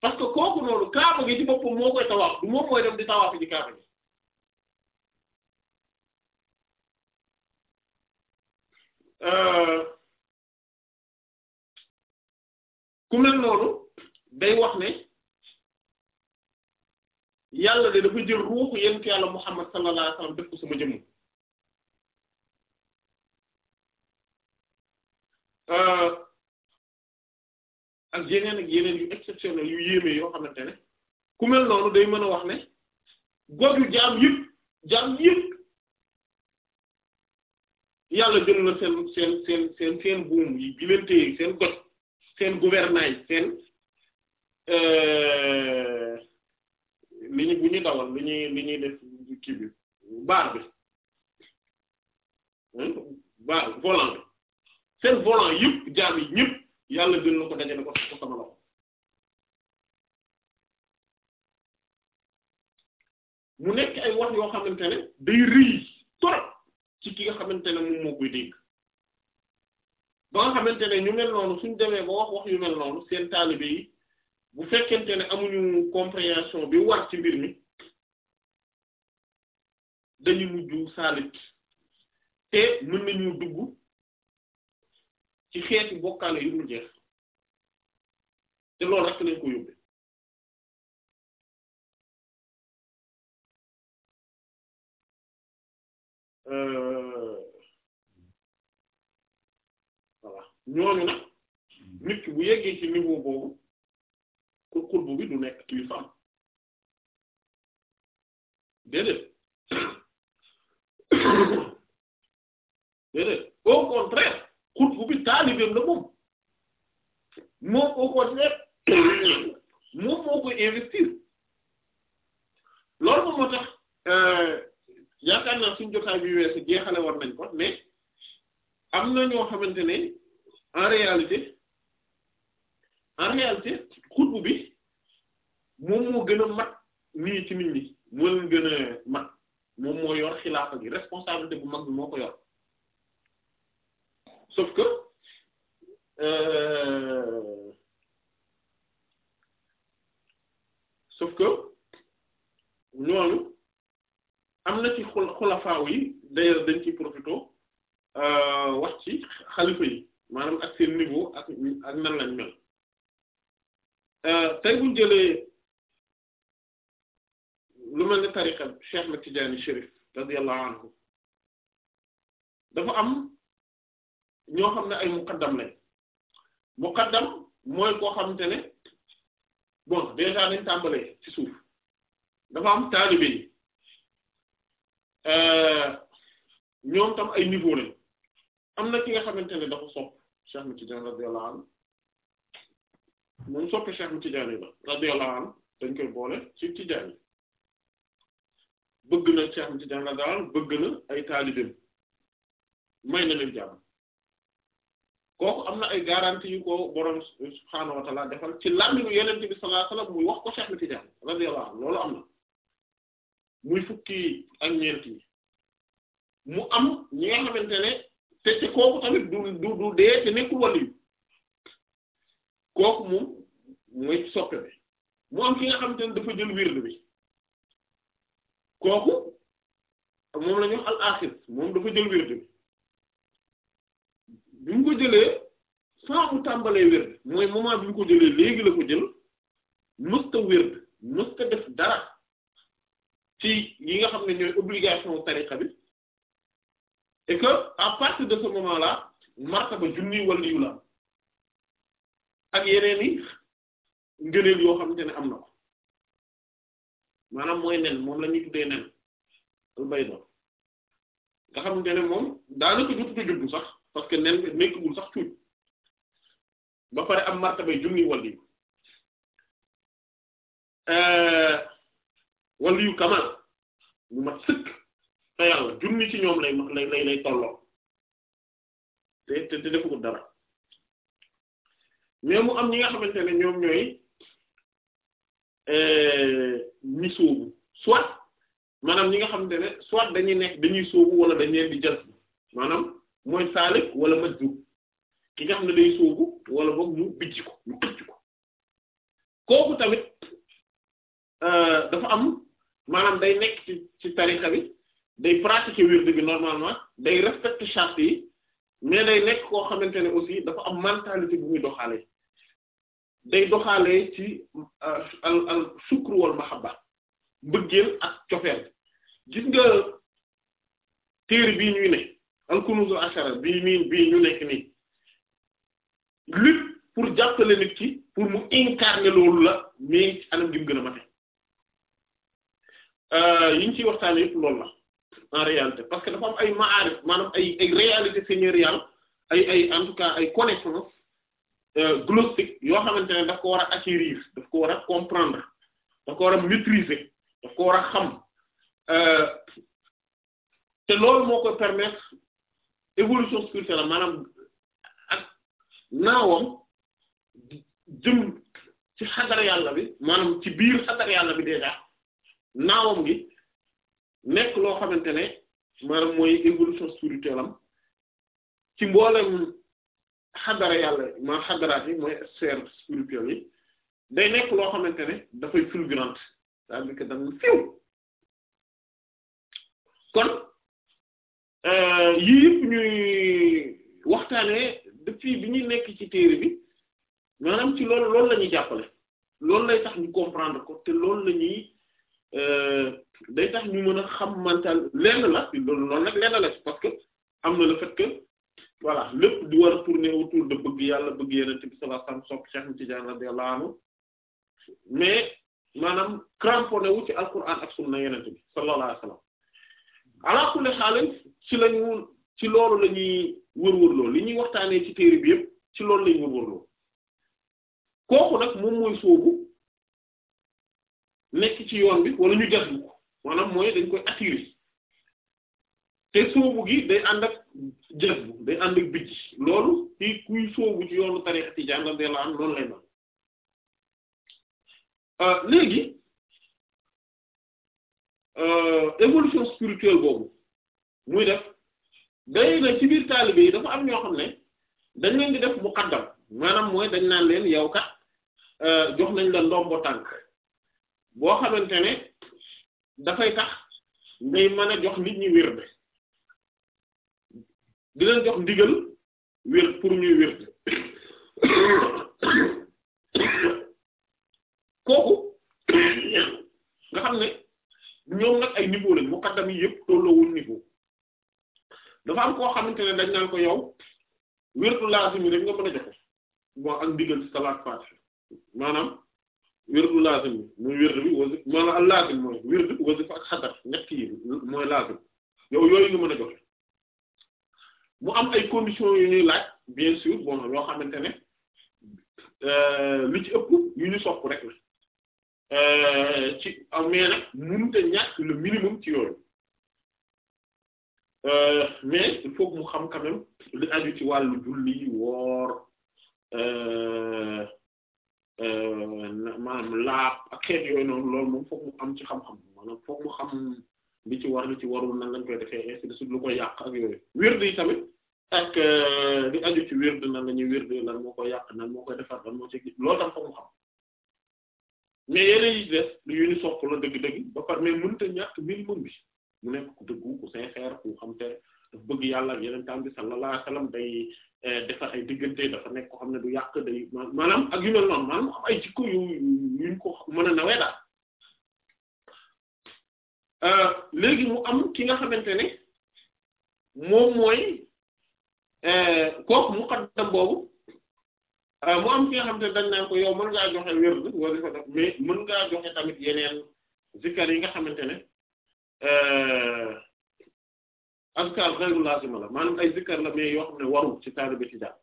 parce kooku noonu Kaaba gi ci boppam moo koy tawaaf du moom mooy dem di tawaaf ci Kaaba gi euh, ku mel noonu day wax ne yàlla de dafa jël ruuxu yent yàlla Muhammad sallallahu alayhi sama jëmm Euh, ak yeneen ak yeneen yu exceptionnel yu yéeme yoo xamante ne ku mel noonu day mën a wax ne góor yu jaam yëpp jaam yëpp yàlla jël na seen seen seen seen seen buum yi bi leen seen goj seen gouvernail seen euh, li ñu bu ñu dawal li ñuy li ñuy def kii bi baar bi volant seen volant yëpp jaam yi ñëpp yàlla gën na ko dajale ko ko sama loxo mu nekk ay wax yoo xamante ne day rëy torop ci ki nga xamante ne moom moo koy dégg ba nga xamante ne ñu mel noonu suñ demee ba wax wax yu mel noonu seen taalibe yi bu fekkente ne amuñu compréhension bi war ci mbir mi dañu mujj saalit te mën nañu dugg ci xeeti bokkaale yu dul jeex te loolu rek lañ ko yóbbee euh, voilà ñooñu nag nit ki bu yeggee ci niveau boobu ku xulbu bi du nekk kilifaam déedéet [COUGHS] déedéet au contraire xutbu bi taalibeem la moom moom moo ko seet [COUGHS] moom moo ko investir loolu moom moo tax euh, yaakaar naa suñ jotaay bi weesu jeexale war nañ ko mais am na ñoo xamante ne en réalité en réalité xutbu bi moom moo gën a mat nii ci nit ñi moo gën a mat moom moo yor xilaafa gi responsabilité bu mag bi moo ko yor sauf que euh, sauf que ñooñu am na ci xul xulafaaw yi d'ailleurs dañ ciy profité euh, wax ci xalifa yi maanaam ak seen niveau ak nan lañ mel euh, tey buñ jëlee lu mel ne tariqa Cheikh Ahmed Tidiane Chérif radiyallahu anhu dafa am ñoo xam ne ay muqaddam lañ muqaddam mooy koo xamante ne bon déjà nañ tàmbalee ci suuf dafa am taalibe yi euh, ñoom tam ay niveau lañ am na ki nga xamante ne dafa sopp Cheikh Ahmed Tidiane radiyallahu anhu moom sopp Cheikh Ahmed Tidiane yi la radiyallahu anhu dañ koy boole ci Tidiane yi bëgg na Cheikh Ahmed Tidiane radiyallahu anhu bëgg na ay taalibem may na leen jàmm kooku am na ay garantie yu ko borom subhaanahu wa defal ci làmmiñu yonent bi sallallahu alayhi wasallam muy wax ko Cheikh Tidiane radiyallahu am na muy yi mu am ñi nga xamante ne te te kooku tamit du dee te nekkul wàllu kooku moom mu nga xamante ne dafa jël wird bi kooku moom la ñu al axir moom dafa jël wird bi. bi mu ko jëlee saa mu tàmbalee wér mooy moment bi mu ko jëlee léegi la ko jël mësta wér mësta def dara ci yi nga xam ne ñooy obligation tariqa bi et que à partir de ce moment là martaba junni waliyu la ak yeneen i ngëneel yoo xamante ne am na ko maanaam mooy nen moom la ñuy tuddee nen al bayda nga xamante sax parce que nen nekkiwul sax cuuj ba pare am martabay junni waliyu euh, yu kamal mu mat sëkk te yàlla junni ci ñoom lay lay lay lay tolloo te te te defu ko dara mais mu am ñi nga xamante ne ñoom ñooy euh, ñi sóobu soit maanaam ñi nga xamante ne soit dañuy nekk dañuy sóobu wala dañ leen di jël maanaam mooy saalik wala majjub ki nga xam ne day sóobu wala boog ñu bijji ko ñu xëcc ko kooku tamit euh, dafa am maanaam day nekk ci ci tarixa bi day pratiquer wird bi normalement day respecter charte yi mais day nekk koo xamante ne aussi dafa am mentalité bu muy doxalee day doxalee ci euh, al al sukru wal bëggeel ak cofeel gis nga téere bi ñuy ne al-kunuzul ashara bii nii bii ñu nekk nii lutte pour jàppale nit ki pour mu incarner loolu la mais anam gi gën a mate euh, yi ñu ciy waxtaanee yëpp loolu la en réalité parce que dafa am ay maarif maanaam ay ay réalité seigneuriale ay ay en tout cas ay connaissance euh, glostique yoo xamante ne daf ko war a acquérir daf ko war a comprendre daf ko war a maîtriser daf ko war a xam euh, te loolu moo koy permettre évolution spirituelle maanaam ak naawam jëm ci xadar yàlla bi maanaam ci biir xadar yàlla bi déjà naawam gi nekk loo xamante ne maanaam mooy évolution spirituelle ci mboolem xadara yàlla ma xadaraat yi mooy sphère spirituelle yi day nekk loo xamante ne dafay fulgurante c'est-à-dire que kon Euh, yii yëpp ñuy waxtaanee depuis bi ñuy nekk ci téere bi maanaam ci loolu lool lañuy jàppale loolu lay tax ñu comprendre ko te loolu lañuy ñuy euh, day tax ñu mën a xam mental lenn la loolu loolu nag lenn la parce am na la fait que lépp di war a tourner autour de bëgg yàlla bëgg yenente bi sallallahu alayhi wasallam sopp la Tidiane radiyallahu anhu mais maanaam cramponné wu ci alquran ak sunna yenente bi sallallahu alayhi wasallam ala xaalis ci lañu ci loolu la wërwërloo li ñuy waxtaanee ci téere bi yëpp ci loolu la wërwërloo kooku nag moom mooy sóobu nekk ci yoon bi wala ñu jasbu ko maanaam mooy dañ koy attirer te sóobu gi day ànd ak jasbu day ànd ak bijj loolu ci kuy sóobu ci yoonu tariixa Tijaan la la am loolu lay man euh, léegi euh, évolution spirituelle boobu muy def day na ci biir taalibe yi dafa am ñoo xam ne dañ leen di def muqaddam maanaam mooy dañ naan leen yow kat euh, jox nañ la ndombo tànk boo xamante ne dafay tax ngay mën a jox nit ñi wird di leen jox ndigal wird pour ñuy wird kooku nga xam ne ñoom nag ay niveau lañ muqaddam yi yëpp tolloowul niveau dafa am koo xamante ne dañ naan ko yow wirdu lazim yi rek nga mën a joxe bon ak diggante salaat fatiha maanaam wirdu lazim yi mooy wirdu bi wasi maanaam al lazim mooy wirdu wasi fa ak xadar ñett mooy lazim yow yooyu nga mën a joxe mu am ay conditions yu ñuy laaj bien sûr bon yoo xamante ne euh, li ci ëpp yu ñu sopp rek la euh, ci mais nag mënut a ñàkk le minimum ci yooyu Euh, mais il mu xam quand li aju ci wàllu julli woor euh, euh, maanaam laab ak xeet yooyu noonu loolu moom foog mu am ci xam-xam maanaam foog mu xam li ci war li ci warul na lañ koy defee ainsi de suite lu koy yàq ak yooyu wird yi tamit ak li aju ci wird nan la ñuy wird lan moo koy yàq nan moo koy defar lan moo ci loolu tam foog mu xam mais yeneen yi des yu ni sopp la dëgg-dëgg ba pare mais mënut a ñàkk minimum bi mu nekk ku dëggu ku sincère ku xam te daf bëgg yàlla ak yeneen tam bi sallallahu alayhi wasallam day eh, defar ay diggante dafa nekk xam ne du yàq day maanaam ak yu mel noonu maanaam ko mën a euh, mu am ki nga xamante ne moom mooy euh, kooku muqaddam boobu euh, mu am ki nga xamante ne dañ naan ko yow mën ngaa joxe wérd wala dafa def mais mën ngaa joxe tamit yeneen zikkar yi nga xamante ne Euh, askar xayrul lazima la maanaam ay zikkar la mais yoo xam ne warul ci taalibe tijaan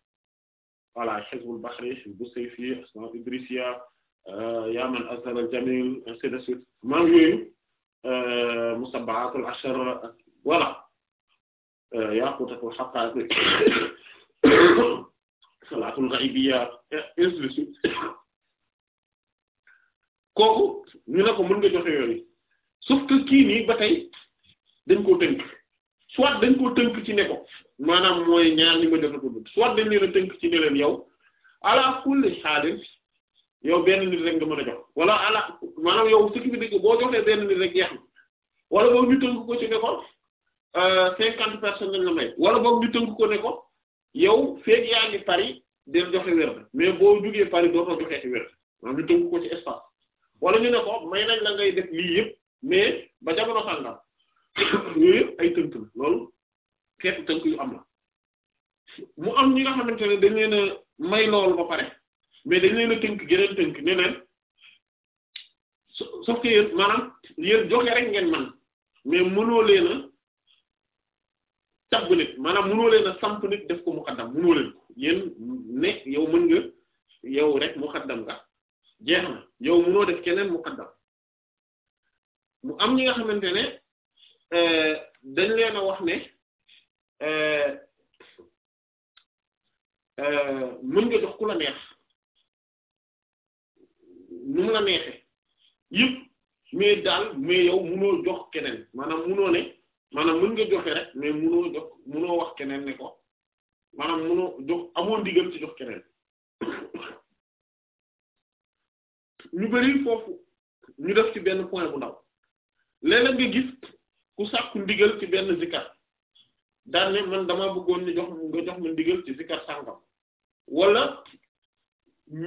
voilà xisbul bahri xisbu sayfi asma idrisiya euh, yaa man azhara jamil ainsi de suite maam yooyu euh, musabbaatul ashar voilà yaaqutatul haqaa'iq [COUGHS] salaatul ghaybiyya ainsi de suite [COUGHS] kooku ñu ne ko mën nga joxe yooyu sauf que kii nii ba tey dañ koo tënk soit dañ koo tënk ci nekko maanaam mooy ñaar ni ma jot a tudd soit dañ leen la tënk ci ne leen yow ala kulli xaalin yow benn nit rek nga mën a jox wala ala maanaam yow sëkk bi dëgg boo joxee benn nit rek jeex na wala boog ñu tënk ko ci ne ko euh, cinquante personnes lañ la may wala boog ñu tënk ko ne ko yow feeg yaa ngi Paris del joxe wér mais boo jugee Paris doo ko joxee ci wér maanaam tënk ko ci espace wala ñu ne ko may nañ la ngay def lii yëpp mais ba jamono sàngam yooyu ay tënk loolu xeetu tënk yu am la mu am ñi nga xamante ne dañ leen a may loolu ba pare mais dañ leen a tënk geneen tënk ne leen sauf que yéen maanaam yéen joxe rek ngeen man mais mënoo leen maanaam mënoo leen a samp nit def ko muqaddam mënoo leen ko yéen ne yow mën nga yow rek muqaddam nga jeex na yow mënoo def keneen muqaddam mu am ñi nga xamante ne euh, dañ leen a wax ne euh, euh, mën nga jox ku la neex nu mu la neexe yëpp mais daal mais yow munoo jox keneen maanaam munoo ne maanaam mën nga joxe rek mais munoo jox munoo wax keneen ne ko maanaam munoo jox amoo ndigal ci jox keneen [COUGHS] ñu bari foofu ñu def ci benn point bu ndaw léeg-léeg nga gis ku sàkku ndigal ci benn zikar daan ne man dama bëggoon ni jox nga jox ma ndigal ci zikar sàngam wala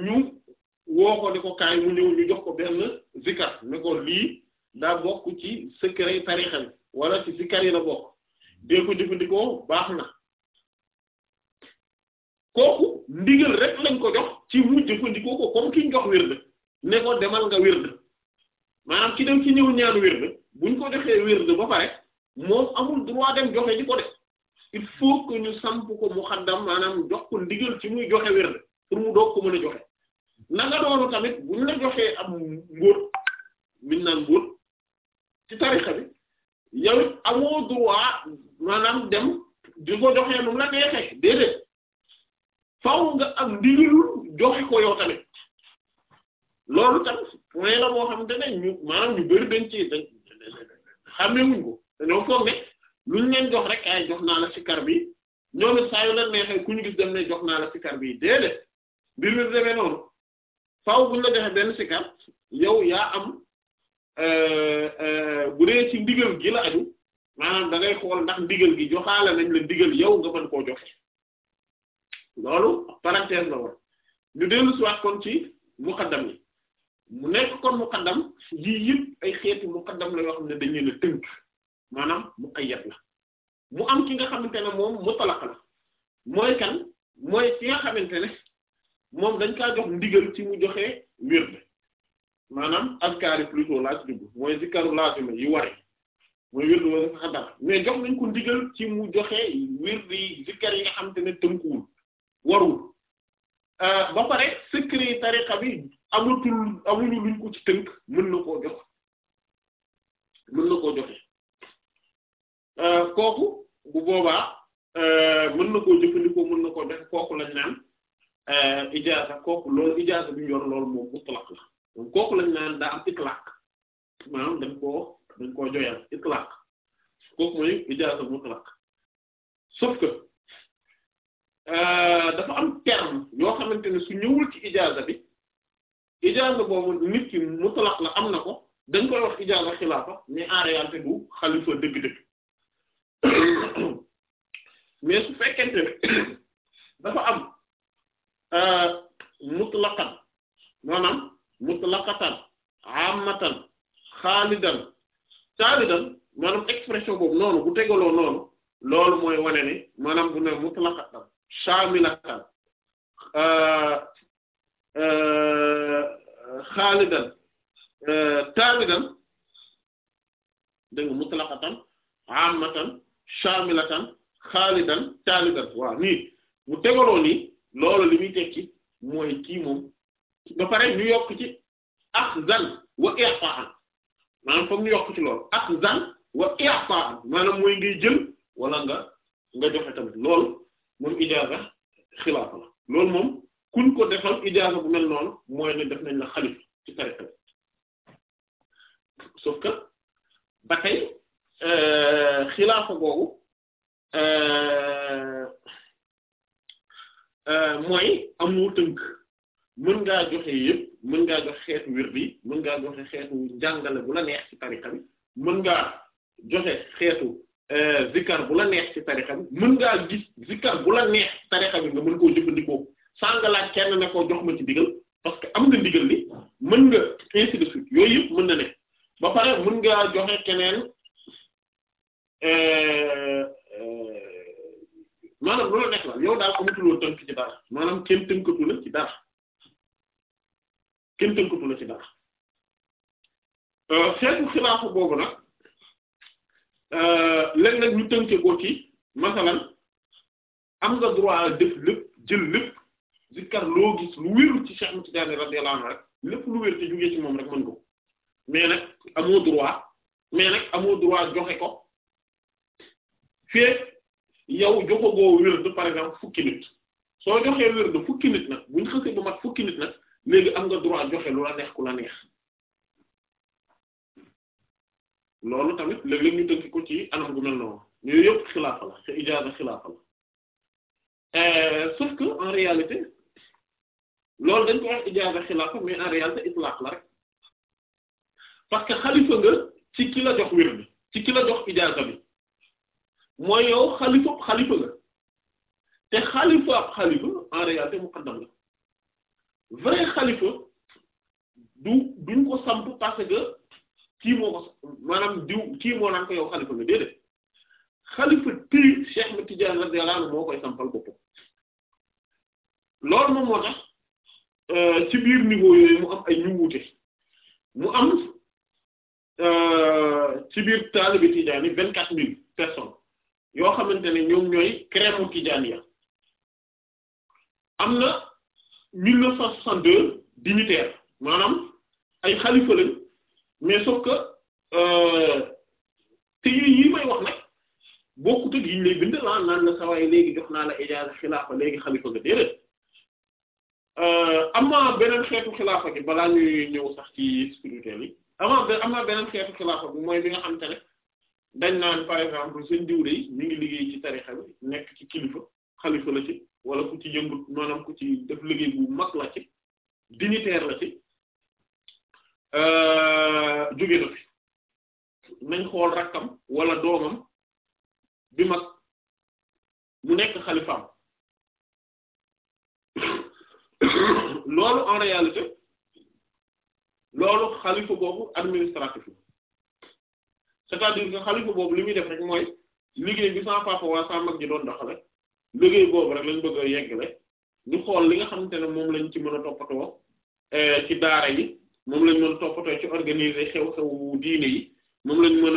ñu woo ko ne ko kaay mu ñëw ñu jox ko benn zikar ne ko lii daa bokk ci secret tarixa bi wala ci zikar yi la bokk dee ko jëfandikoo baax na kooku ndigal rek lañ ko jox ci mu jëfandikoo ko comme ki ñu jox wird ne ko demal nga wird maanaam ki dem ci ñëw ñaan wird buñ ko joxee wird ba pare moom amul droit dem joxe ji ko def il faut que ñu samp ko mu xaddam maanaam jox ko ndigal ci muy joxe wird pour mu doog ko mën a joxe nanga doonu tamit buñ la joxee am mbóot min naan mbóot ci dem di ko joxee nu mu nga am ndigalul joxe ko yow tamit loolu tamit point la boo xamante ne ñu maanaam ñu bari dañ ci dañ xàmmee wuñ ko dañoo foog ne luñ leen jox rek ay jox naa la sikar bi ñoom it saa neexee ku ñu gis dem ne jox naa la sikar bi déedéet mbir mi demee noonu faaw buñ la joxee benn sikar yow yaa am euh, euh, bu dee ci ndigal gi la aju maanaam da ngay xool ndax ndigal gi joxaale nañ la ndigal yow nga mën koo joxe loolu parenthèse la woon ñu dellu si wax kon ci muqaddam yi mu nekk kon muqaddam yii yëpp ay xeetu muqaddam la yoo xam ne dañ leen a tënk maanaam muqayyad la mu am ki nga xamante ne moom mutlaq la mooy kan mooy ki nga xamante ne moom dañ kaa jox ndigal ci mu joxe wird maanaam askari plutôt laaj dugg mooy zikaru lazima yi ware mooy wird wala dafa xadar mais jox nañ ko ndigal ci mu joxe wird yi zikar yi nga xamante ne tënkuwul warul euh, ba pare secret tariqa bi amatul amuñu luñ ko ci tënk mën na koo jox euh, euh, mën na koo joxe kooku koo jëfandikoo mën na koo lañ naan euh, ijaasa kooku loolu ijaasa bi ñu loolu moom mutlaq la donc kooku lañ naan daa am itlaq maanaam dañ koo dañ koo joyal itlaq kooku mooy ijaasa mutlaq sauf que dafa am terme yoo xamante ne su ñëwul ci ijaasa bi ijaaza boobu nit ki mutlaq la am na ko dañ koy wax ijaaza xilaafa mais en réalité du xalifa dëgg-dëgg [COUGHS] mais su fekkente ne [COUGHS] dafa am euh, mutlaqan maanaam mutlaqatan amatan xaalidan xaalidan maanaam expression boobu noonu bu tegaloo noonu loolu mooy wane ne maanaam bu ne mutlaqatan shaamilatan euh, euh, xaalidan euh, taamidan dégg nga mutlaqatan ammatan xaalidan taalidan waaw nii mu tegaloo nii loolu li muy tekki mooy kii moom ba pare ñu yokk ci akhzan wa ihsaan maanaam foog ñu yokk ci loolu akhzan wa ihsaan maanaam mooy ngay jël wala nga nga joxe tamit loolu moom ijaaza xilaaf la loolu moom kuñ ko defal ijaaza bu mel noonu mooy ne def nañ la xalif ci tariqa bi sauf que ba tey euh, xilaafa googu euh, euh, mooy amul tënk mën ngaa joxe yëpp mën ngaa joxe xeetu wird mën ngaa joxe xeetu njàngale bu la neex ci tariqa bi mën ngaa joxe xeetu zikar bu la neex ci tariqa bi boobu na léeg nag euh, ñu tënke ko ci masalan am nga droit def lépp jël lépp zikkar loo gis lu wéru ci Cheikh Ahmad Tidiane radiyallahu anhu rek lépp lu wér te jugee ci moom rek mën ko mais nag amoo droit mais nag amoo droit joxe ko fee yow joxagoo wérd par exemple fukki nit soo joxee wérd fukki nit nag buñ xasee ba mat fukki nit nag léegi am nga droit joxe lu la neex ku la neex loolu tamit léeg tënk ko ci anam gu mel noonu yooyu yëpp xilaafa la ijaaza xilaafa la euh, sauf que en réalité loolu dañ ko wax ijaaza xilaafa mais en réalité itlaq la rek parce que xalifa nga ci ki jox wird bi ci ki jox ijaaza bi mooy yow xalifa xalifa nga te xalifa ab xalifa en réalité muqaddam la vrai xalifa du duñ ko samp parce que kii moo ko maanaam diw kii moo naan ko yow xalifa nga déedéet xalifa pire Cheikh Ahmed Tidiane radiyallahu anhu moo koy sampal boppam loolu moo tax euh, ci biir niveau yooyu mu am ay ñu mu am euh, ci biir taalibe Tidiane vingt quatre mille personnes yoo xamante ne ñoom ñooy crème Tidiane ya am na mille neuf cent soixante-deux dignitaires maanaam ay xalifa lañ mais sauf que te yii yii may wax nag bokkut ak yi ñu lay bind la ah, naan la sawaay léegi jox naa la ijaaza xilaafa léegi xalifa nga déedéet euh, amaa beneen xeetu xilaafa gi balaa ñuy ñëw sax ci spirituel yi amaa amaa beneen xeetu xilaafa bi mooy bi nga xam te dañ naan par exemple seen diwle yi ñu ngi liggéey ci tarixa bi nekk ci kilifa xalifa la ci wala ku ci yëngu maanaam ku ci def liggéey bu mag la ci dignitaire la ci Euh, jóge nañ xool rakkam wala doomam bi mag mu nekk xalifaam [COUGHS] loolu en réalité loolu xalifa boobu administratif la c'est-à-dire que xalifa boobu li muy def rek mooy liggéey bi sa papa waa sa mag ji doon doxale liggéey boobu rek lañ bëgg a yeggale ñu xool li nga xamante ne moom lañ ci mën a toppatoo euh, ci daara yi moom lañ mën a toppatoo ci organiser xew-xewu diine yi moom lañ mën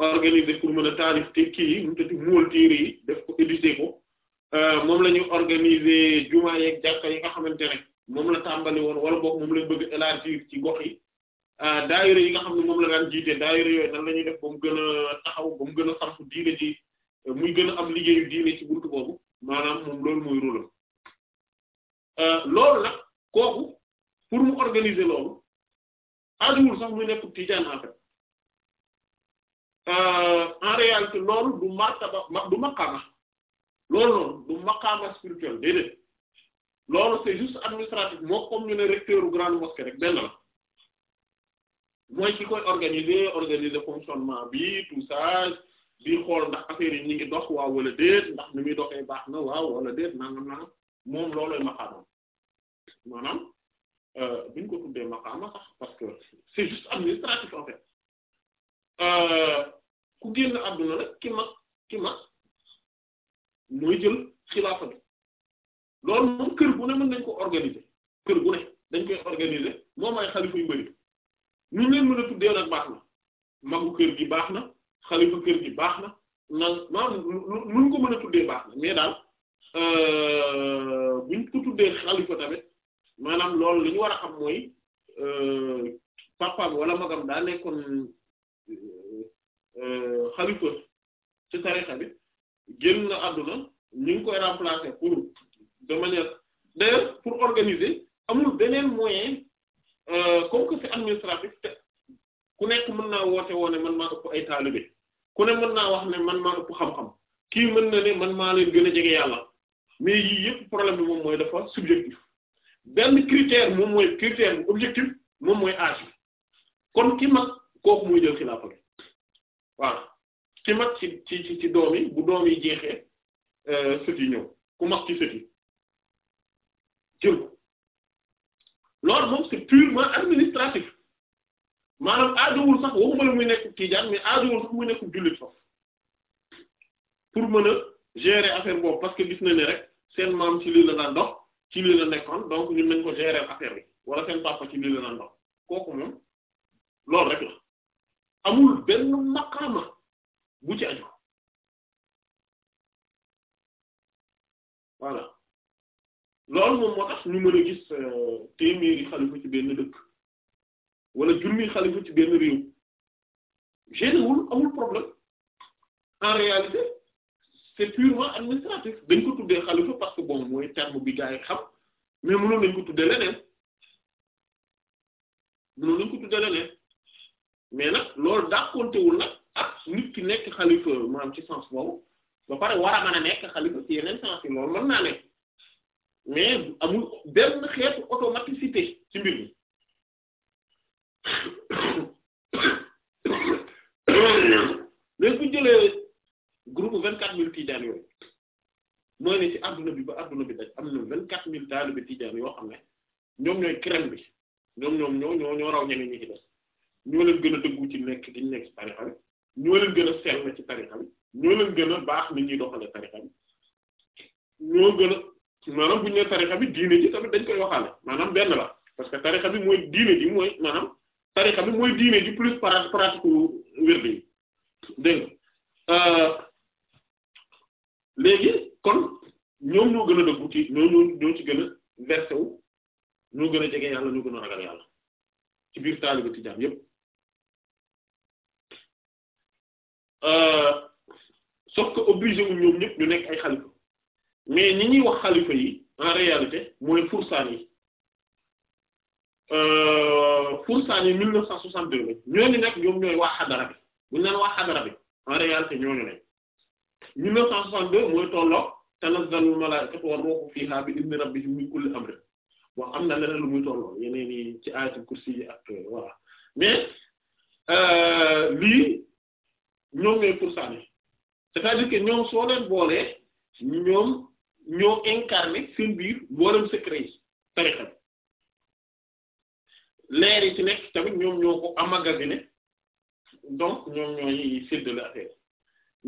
a organiser pour mën a taarif ti kii yi mu tëdd muul yi def ko éditer ko euh, moom la ñuy organiser jumaa yeeg jàkka yi nga xamante ne moom la tàmbali woon wala boog moom lañ bëgg élargir ci gox yi euh, daayira yi nga xam ne moom la daan jiite daayira yooyu na la def ba mu gën a taxaw ba mu gën a sarfu diine ci muy gën a am liggéeyu diine ci buntu boobu maanaam moom loolu mooy rôle am euh, loolu pour mu organiser loolu ajuwul sax muy nekk tijaan en fait euh, en réalité loolu du martaba du maqaama loolu noonu du maqaama spirituel déedéet loolu c'est juste administratif moo comme recteur u grande mosquée rek benn la mooy ki koy organiser organiser fonctionnement bi tout ça di xool ndax affaire yi ñu ngi dox waaw wala déet ndax ni muy doxee baax na waaw wala déet nangam nangam moom loolooy maqaamam maanaam duñ euh, ko tuddee maqaama sax parce que c'est juste administratif en euh, ku génn àdduna nag ki mag ki mag mooy jël xilaafa bi loolu moom kër gu ne mën nañ ko organiser kër gu ne dañ koy organiser moom ay xalifa bari ñu leen mën a tuddee nag baax na magu kër gi baax na xalifa kër gi baax na nag maanaam luñ ko mën a tuddee baax na mais daal euh, buñ ko tuddee xalifa tamit maanaam loolu li ñu war a xam mooy euh, papaam wala magam daa nekkoon euh, xalifa ci tarixa bi génn na àdduna ñu ngi koy remplacer pour de manière d'ailleurs pour organiser amul beneen moyen euh, comme que c'est administratif te ku nekk mën naa woote woone man maa ëpp ay taalibe ku ne mën naa wax ne man maa ëpp xam-xam kii mën na ne man maa leen gën a jege yàlla mais yii yëpp problème bi moom mooy dafa subjectif benn critère moom mooy critère objectif moom mooy âge kon ki mag kooku muy jël xilaafa bi waaw ki mag ci ci doom yi bu doom yi jeexee euh, sët yi ñëw ku mag ci sët yi jël ko loolu moom c'est purement administratif maanaam aajowul sax waxuma muy nekk tiijaan mais aajowul sax muy nekk jullit sax pour mën a gérer affaire boobu parce que gis na ne rek seen maam ci lii la daan dox ci lii la nekkoon donc ñun nañ ko gérer affaire bi wala seen papa ci lii la nan kooku moom loolu rek la amul benn maqaama bu ci aju voilà loolu moom moo tax ñu mën a gis euh, téeméeri xalifa ci benn dëkk wala junni xalifa ci benn réew génewul amul problème en réalité c'est purement administratif dañ ko tuddee xalifa parce que bon mooy terme bi gaa yi xam mais mënoon nañ ko tuddee leneen mënoon nañ ko tuddee leneen mais nag loolu dàqontewul nag ak nit ki nekk xalifa maanaam ci sens boobu ba pare war a mën a nekk xalifa ci yeneen sens yi loolu mën naa ne mais amul benn xeetu automaticité ci mbir mi léegi [COUGHS] [COUGHS] bu jëlee groupe vingt quatre mille tijaan yooyu mooy ne ci adduna bi ba adduna bi daj am na vingt quatre mille taalibe tijaan yoo xam ne ñoom ñooy crème bi ñoom ñoom ñoo ñoo ñoo raw ñeneen ñi ci des ñoo leen gën a dëggu ci nekk di nekk ci tarixa bi ñoo leen gën a sell ci tarixa bi ñoo leen gën a baax ni ñuy doxale tarixa bi ñoo a maanaam bu ñu nee tarixa bi diine ji tamit dañ koy waxaale maanaam benn la parce que tarixa bi mooy diine ji mooy maanaam tarixa bi mooy diine ji plus pratique pratique wérde yi dégg léegi kon ñoom ñoo gën a dëggu ci ñoo ñoo ci gën a versé ñoo gën a jege yàlla ñoo gën a ragal yàlla ci biir taaliba tijaan yépp euh, sauf que obligé wu ñoom ñëpp ñu nekk ay xalifa mais ñi ñuy wax xalifa yi en réalité mooy fursaan yi euh, fursaan yi mille neuf cent soixante-deux la ñooñu nekk ñoom ñooy waa xadara bi buñu naan waa xadara bi en réalité ñooñu nekk 1962 mooy tolloo tanazzalul malaa'ikatu war ruuhu fiihaa bi izni rabbihim min kulli amr wax am na leneen lu muy tolloo yeneen ci ayatul kursi yi ak voilà mais euh, lii ñoom ñooy pourcentage c'est-à-dire que ñoom soo leen boolee ñoom ñoo incarné seen biir boolem secret yi tarixa bi leer yi ci nekk tamit ñoom ñoo ko amagasiné donc ñoom ñooy séddale affaire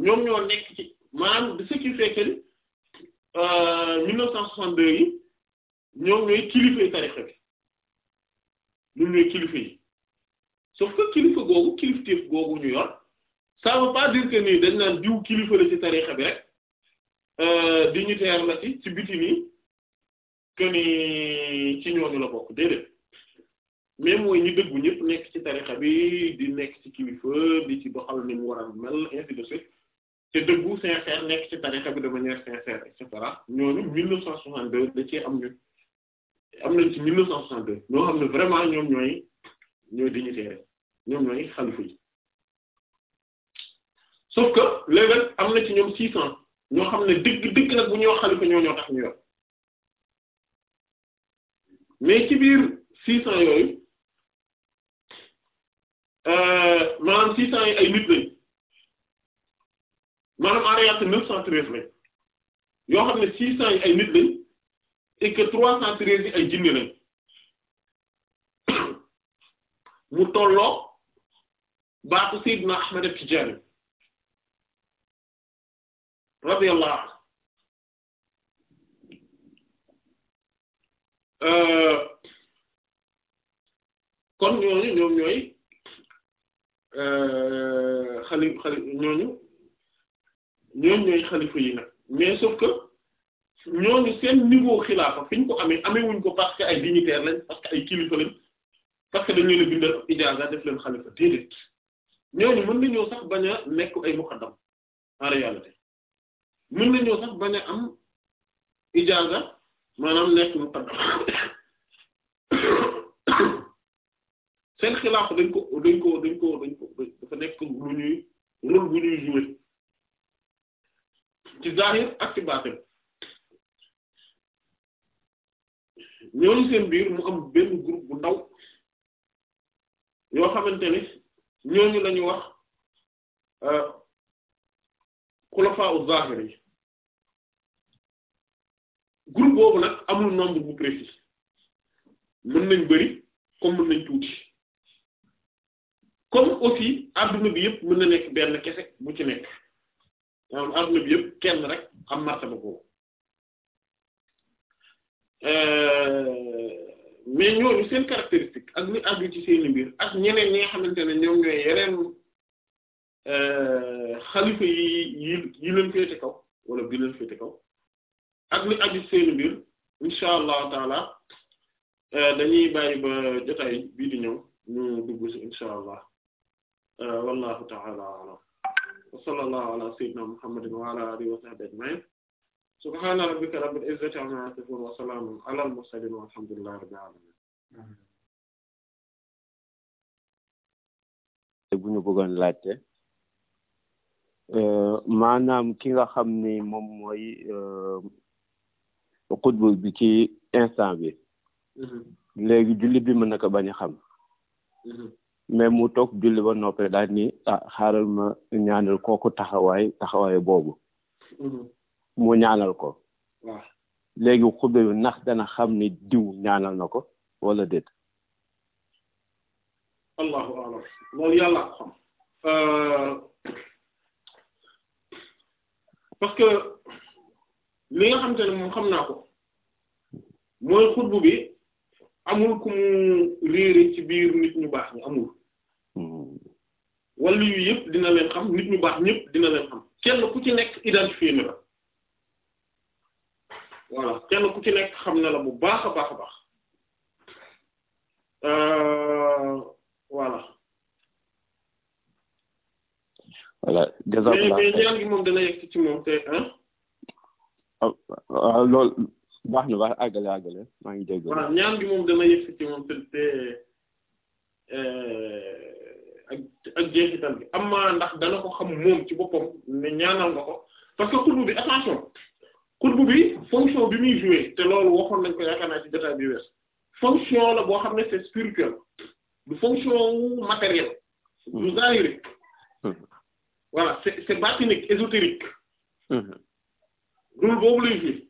ñoom ñoo nekk ci maanaam de ce qui fait que euh, mille cent soixante-deux yi ñoom ñooy kilifay tarixa bi ñoom ñooy kilifa yi sauf que kilifa googu kilifteef googu ñu yor ça veut pas dire que nii dañ naan diw kilifa la ci tarixa bi rek euh, dignitaire la ci ci biti nii ni ci ñooñu la bokk déedéet mais mooy ñi dëggu ñëpp nekk ci tarixa bi di nekk ci kilifa di ci doxal ni mu war a mel ainsi de te dëggu sincère nekk ci tarixa bi de manière sincère et cetera ñooñu 1962 da cee am ñu am nañ ci 1962 ñoo xam ne vraiment ñoom ñooy ñooy dignitaires ñoom ñooy xalifa yi sauf que léeg am na ci ñoom 600 ñoo xam ne dëgg dëgg nag bu ñoo xalifa ñoo ñoo tax ñu yor mais ci biir 600 yooyu euh, maanaam 600 yi ay nit lañ. maanaam en réalité neuf cent yoo xam ne six cent ay nit lañ et trois cent ay jinne lañ [COUGHS] mu tolloo baatu Seydina Ahmad at-Tijani radiyallahu anhu euh, kon ñooñu ñoom ñooy euh, xali xali ñooñu ñoom ñooy xalifa yi nag mais sauf que ñooñu seen niveau xilaafa fi ko amee amewuñ ko parce que ay dignitaire lañ parce ay kilifa lañ parce que dañ leen a bindal ijaaza def leen xalifa déedéet ñooñu mën nañoo sax ay muqaddam en réalité mën sax bañ am ijaaza maanaam nekk muqaddam seen xilaafa dañ ko dañ ko dañ ko dañ ko dafa nekk lu ñuy rôle bu ñuy jouer ci zahir ak ci baatin seen biir mu am benn groupe bu ndaw yoo xamante ni ñooñu la ñu wax euh, xulafaa u zahir yi groupe boobu nag amul nombre bu précis mën nañ bari comme mën nañ tuuti comme aussi adduna bi yëpp mën na nekk benn kese bu ci nekk maanaam adduna bi yëpp kenn rek am martaba euh, mais ñooñu seen caractéristique ak li àgg ci seen mbir ak ñeneen ñi nga xamante ne ñoom ñooy yeneen euh, xalifa yi yi yi leen féete kaw wala bi leen féete kaw ak li àgg ci seen mbir incha allahu taala euh, dañuy bàyyi ba jotaay bii di ñëw ñu dugg ci incha allah wallahu taala alam wa sallallahu ala muhammadin wa ala alihi wa sahbihi ajma'in subhana rabbika rabbil izzati amma yasifun wa salamun ala al mursalin bëggoon laajte euh, maanaam ki nga xam ni moom mooy euh, xutbu bi ci instant bi mm-hmm. léegi jullit bi mën na ko bañ a xam mm-hmm. mais mu toog julli ba noppi daal ni ah xaaral ma ñaanal kooku taxawaay taxawaay boobu mm-hmm. mu ñaanal ko léegi xutba bi ndax dana xam ni diw ñaanal na ko wala déet allahu alam yàlla xam euh, parce li nga xamante ne moom xam naa ko mooy xutba bi amul ku mu ci biir nit ñu baax ñu amul wala yu yëpp dina leen xam nit ñu baax ñëpp dina leen xam kenn ku ci nekk identifié na la voilà kenn ku ci nekk xam na la bu baax a baax a baax euh, voilà. voilà jazakallah mais oh, waaw loolu baax na baax àggale àggale maa ngi dégg. voilà ñaan gi moom dana yegg ci moom te te. Euh, ak ak jeexital bi ndax dana xam moom ci boppam ne ñaanal nga parce que xutbu bi attention xutbu bi fonction bi muy jouer te loolu waxoon nañ ko yaakaar naa ci jotaay bi fonction la boo xam ne c'est spirituel du fonction wu matériel du mm-hmm. zahiri mm-hmm. voilà c'est c'est ésotérique dul mm-hmm. boobu lay fi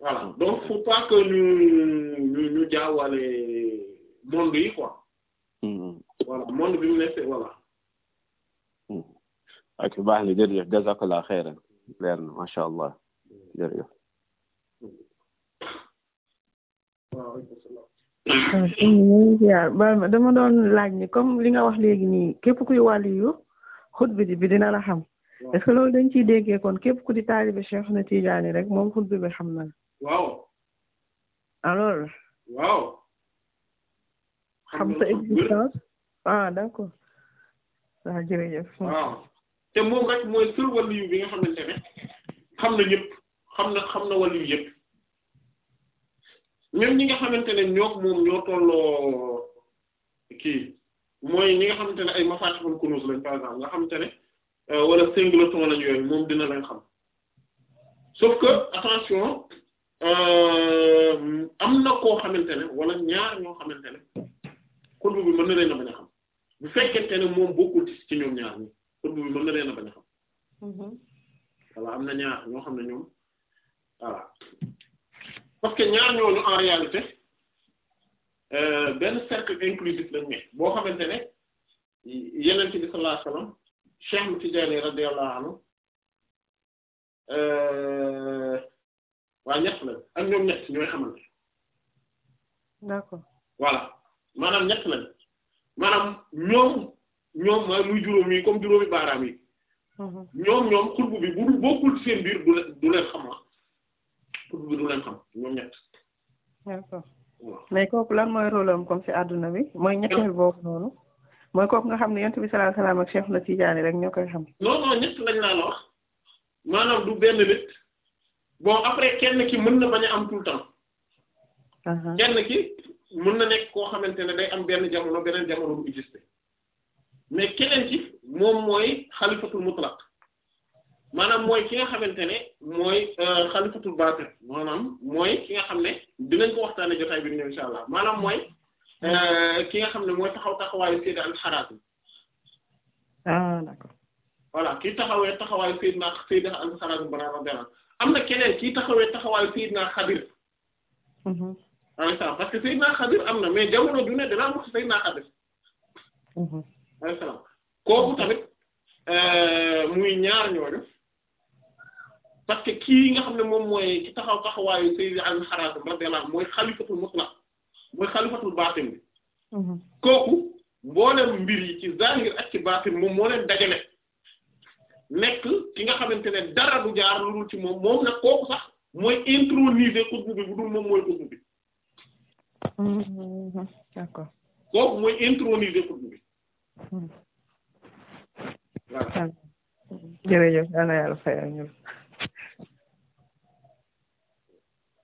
voilà donc faut pas que ñu ñu ñu jaawale monde yi quoi voilà monde bi mu nekk voilà. Hmm. ak baax na jërëjëf jazakallah xayran leer na macha allah jërëjëf. waaw [COUGHS] dama doon laaj ni comme li nga wax léegi nii képp kuy wàlliyu xutba bi dina la xam. est-ce que loolu dañ ciy déggee kon képp ku di taalibe Cheikh na Tijaani rek moom xutba bi xam na la. waaw. alors. sa existence. ah d'accord waaw ah, jërëjëf. waaw te moom rek mooy seul waliyu bi nga xamante ne xam na ñëpp xam na xam na waliyu yëpp même ñi nga xamante ne ñoom moom ñoo tolloo kii mooy ñi nga xamante ne ay mafatihul kunuz lañ par exemple nga xamante ne euh, wala singleton lañ yooyu moom dina leen xam sauf que attention euh, am na koo xamante ne wala ñaar ñoo xamante ne xutbu bi mën na leen a bañ a xam. bu fekkente ne moom bokkul ci ñoom ñaar ñi xutba bi mën na leen a bañ a xam mm-hmm. voilà am na ñaar ñoo xam na ñoom voilà parce que ñaar ñooñu en euh, benn cercle inclusif lañ ne boo xamante ne yeneen ci bi sallallahu alayhi wasallam Cheikh Tidiane euh, waa ñett lañ ak ñoom ñett ñooy xamante d'accord voilà maanaam ñett lañ maanaam ñoom ñoom mooy muy juróomi comme juróomi baaraam yi. Mm-hmm. ñoom ñoom xutbu bi bu bokkul seen biir du leen du leen xam ah xutbu bi du leen xam ñoom ñett. d'accord mais ci àdduna bi mooy ñetteel mooy kooku nga xam ne yonent bi sallallahu alayhi wasallam ak Cheikh rek ñoo koy xam. non ñett lañ laa wax maanaam du benn nit bon après kenn ki mën na bañ am tout kenn ki mën na nekk koo xamante ne day am benn jamono beneen jamono du existé mais keneen ci moom mooy xalifatul mutlaq maanaam mooy ki nga xamante ne mooy euh, xalifatul baatin maanaam mooy ki nga xam ne dinañ ko waxtaane jotaay bi ñëw insha allah maanaam mooy euh, ki nga xam ne mooy taxaw taxawaayu Seydina Al-Harazim ah d'accord kii taxawee taxawaayu Seydina Seydina Al-Harazim bana radiyallahu am na keneen kii taxawee taxawaayu Seydina Xadir mhm. alayhi salaam parce que Seydina Xadir am na mais jamono ju ne dina am Seydina Xadir alayhi salaam kooku tamit euh, muy ñaar ñooñu parce que kii nga xam ne moom mooy ci taxaw taxawaayu Sayyid al-Harazim radiyallahu mooy xalifatul mutlaq mooy xalifatul baatin bi mhm. kooku mboolem mbir yi ci zahir ak ci baatin moom moo leen dajale nekk ki nga xamante ne dara du jaar lu dul ci moom moom nag kooku sax mooy introniser qutb bi bu dul moom mooy qutb bi Mm-hmm. d'accord kooku mooy introniser xutba bi mm-hmm. voilà jërëjëf yàlla yàlla fayal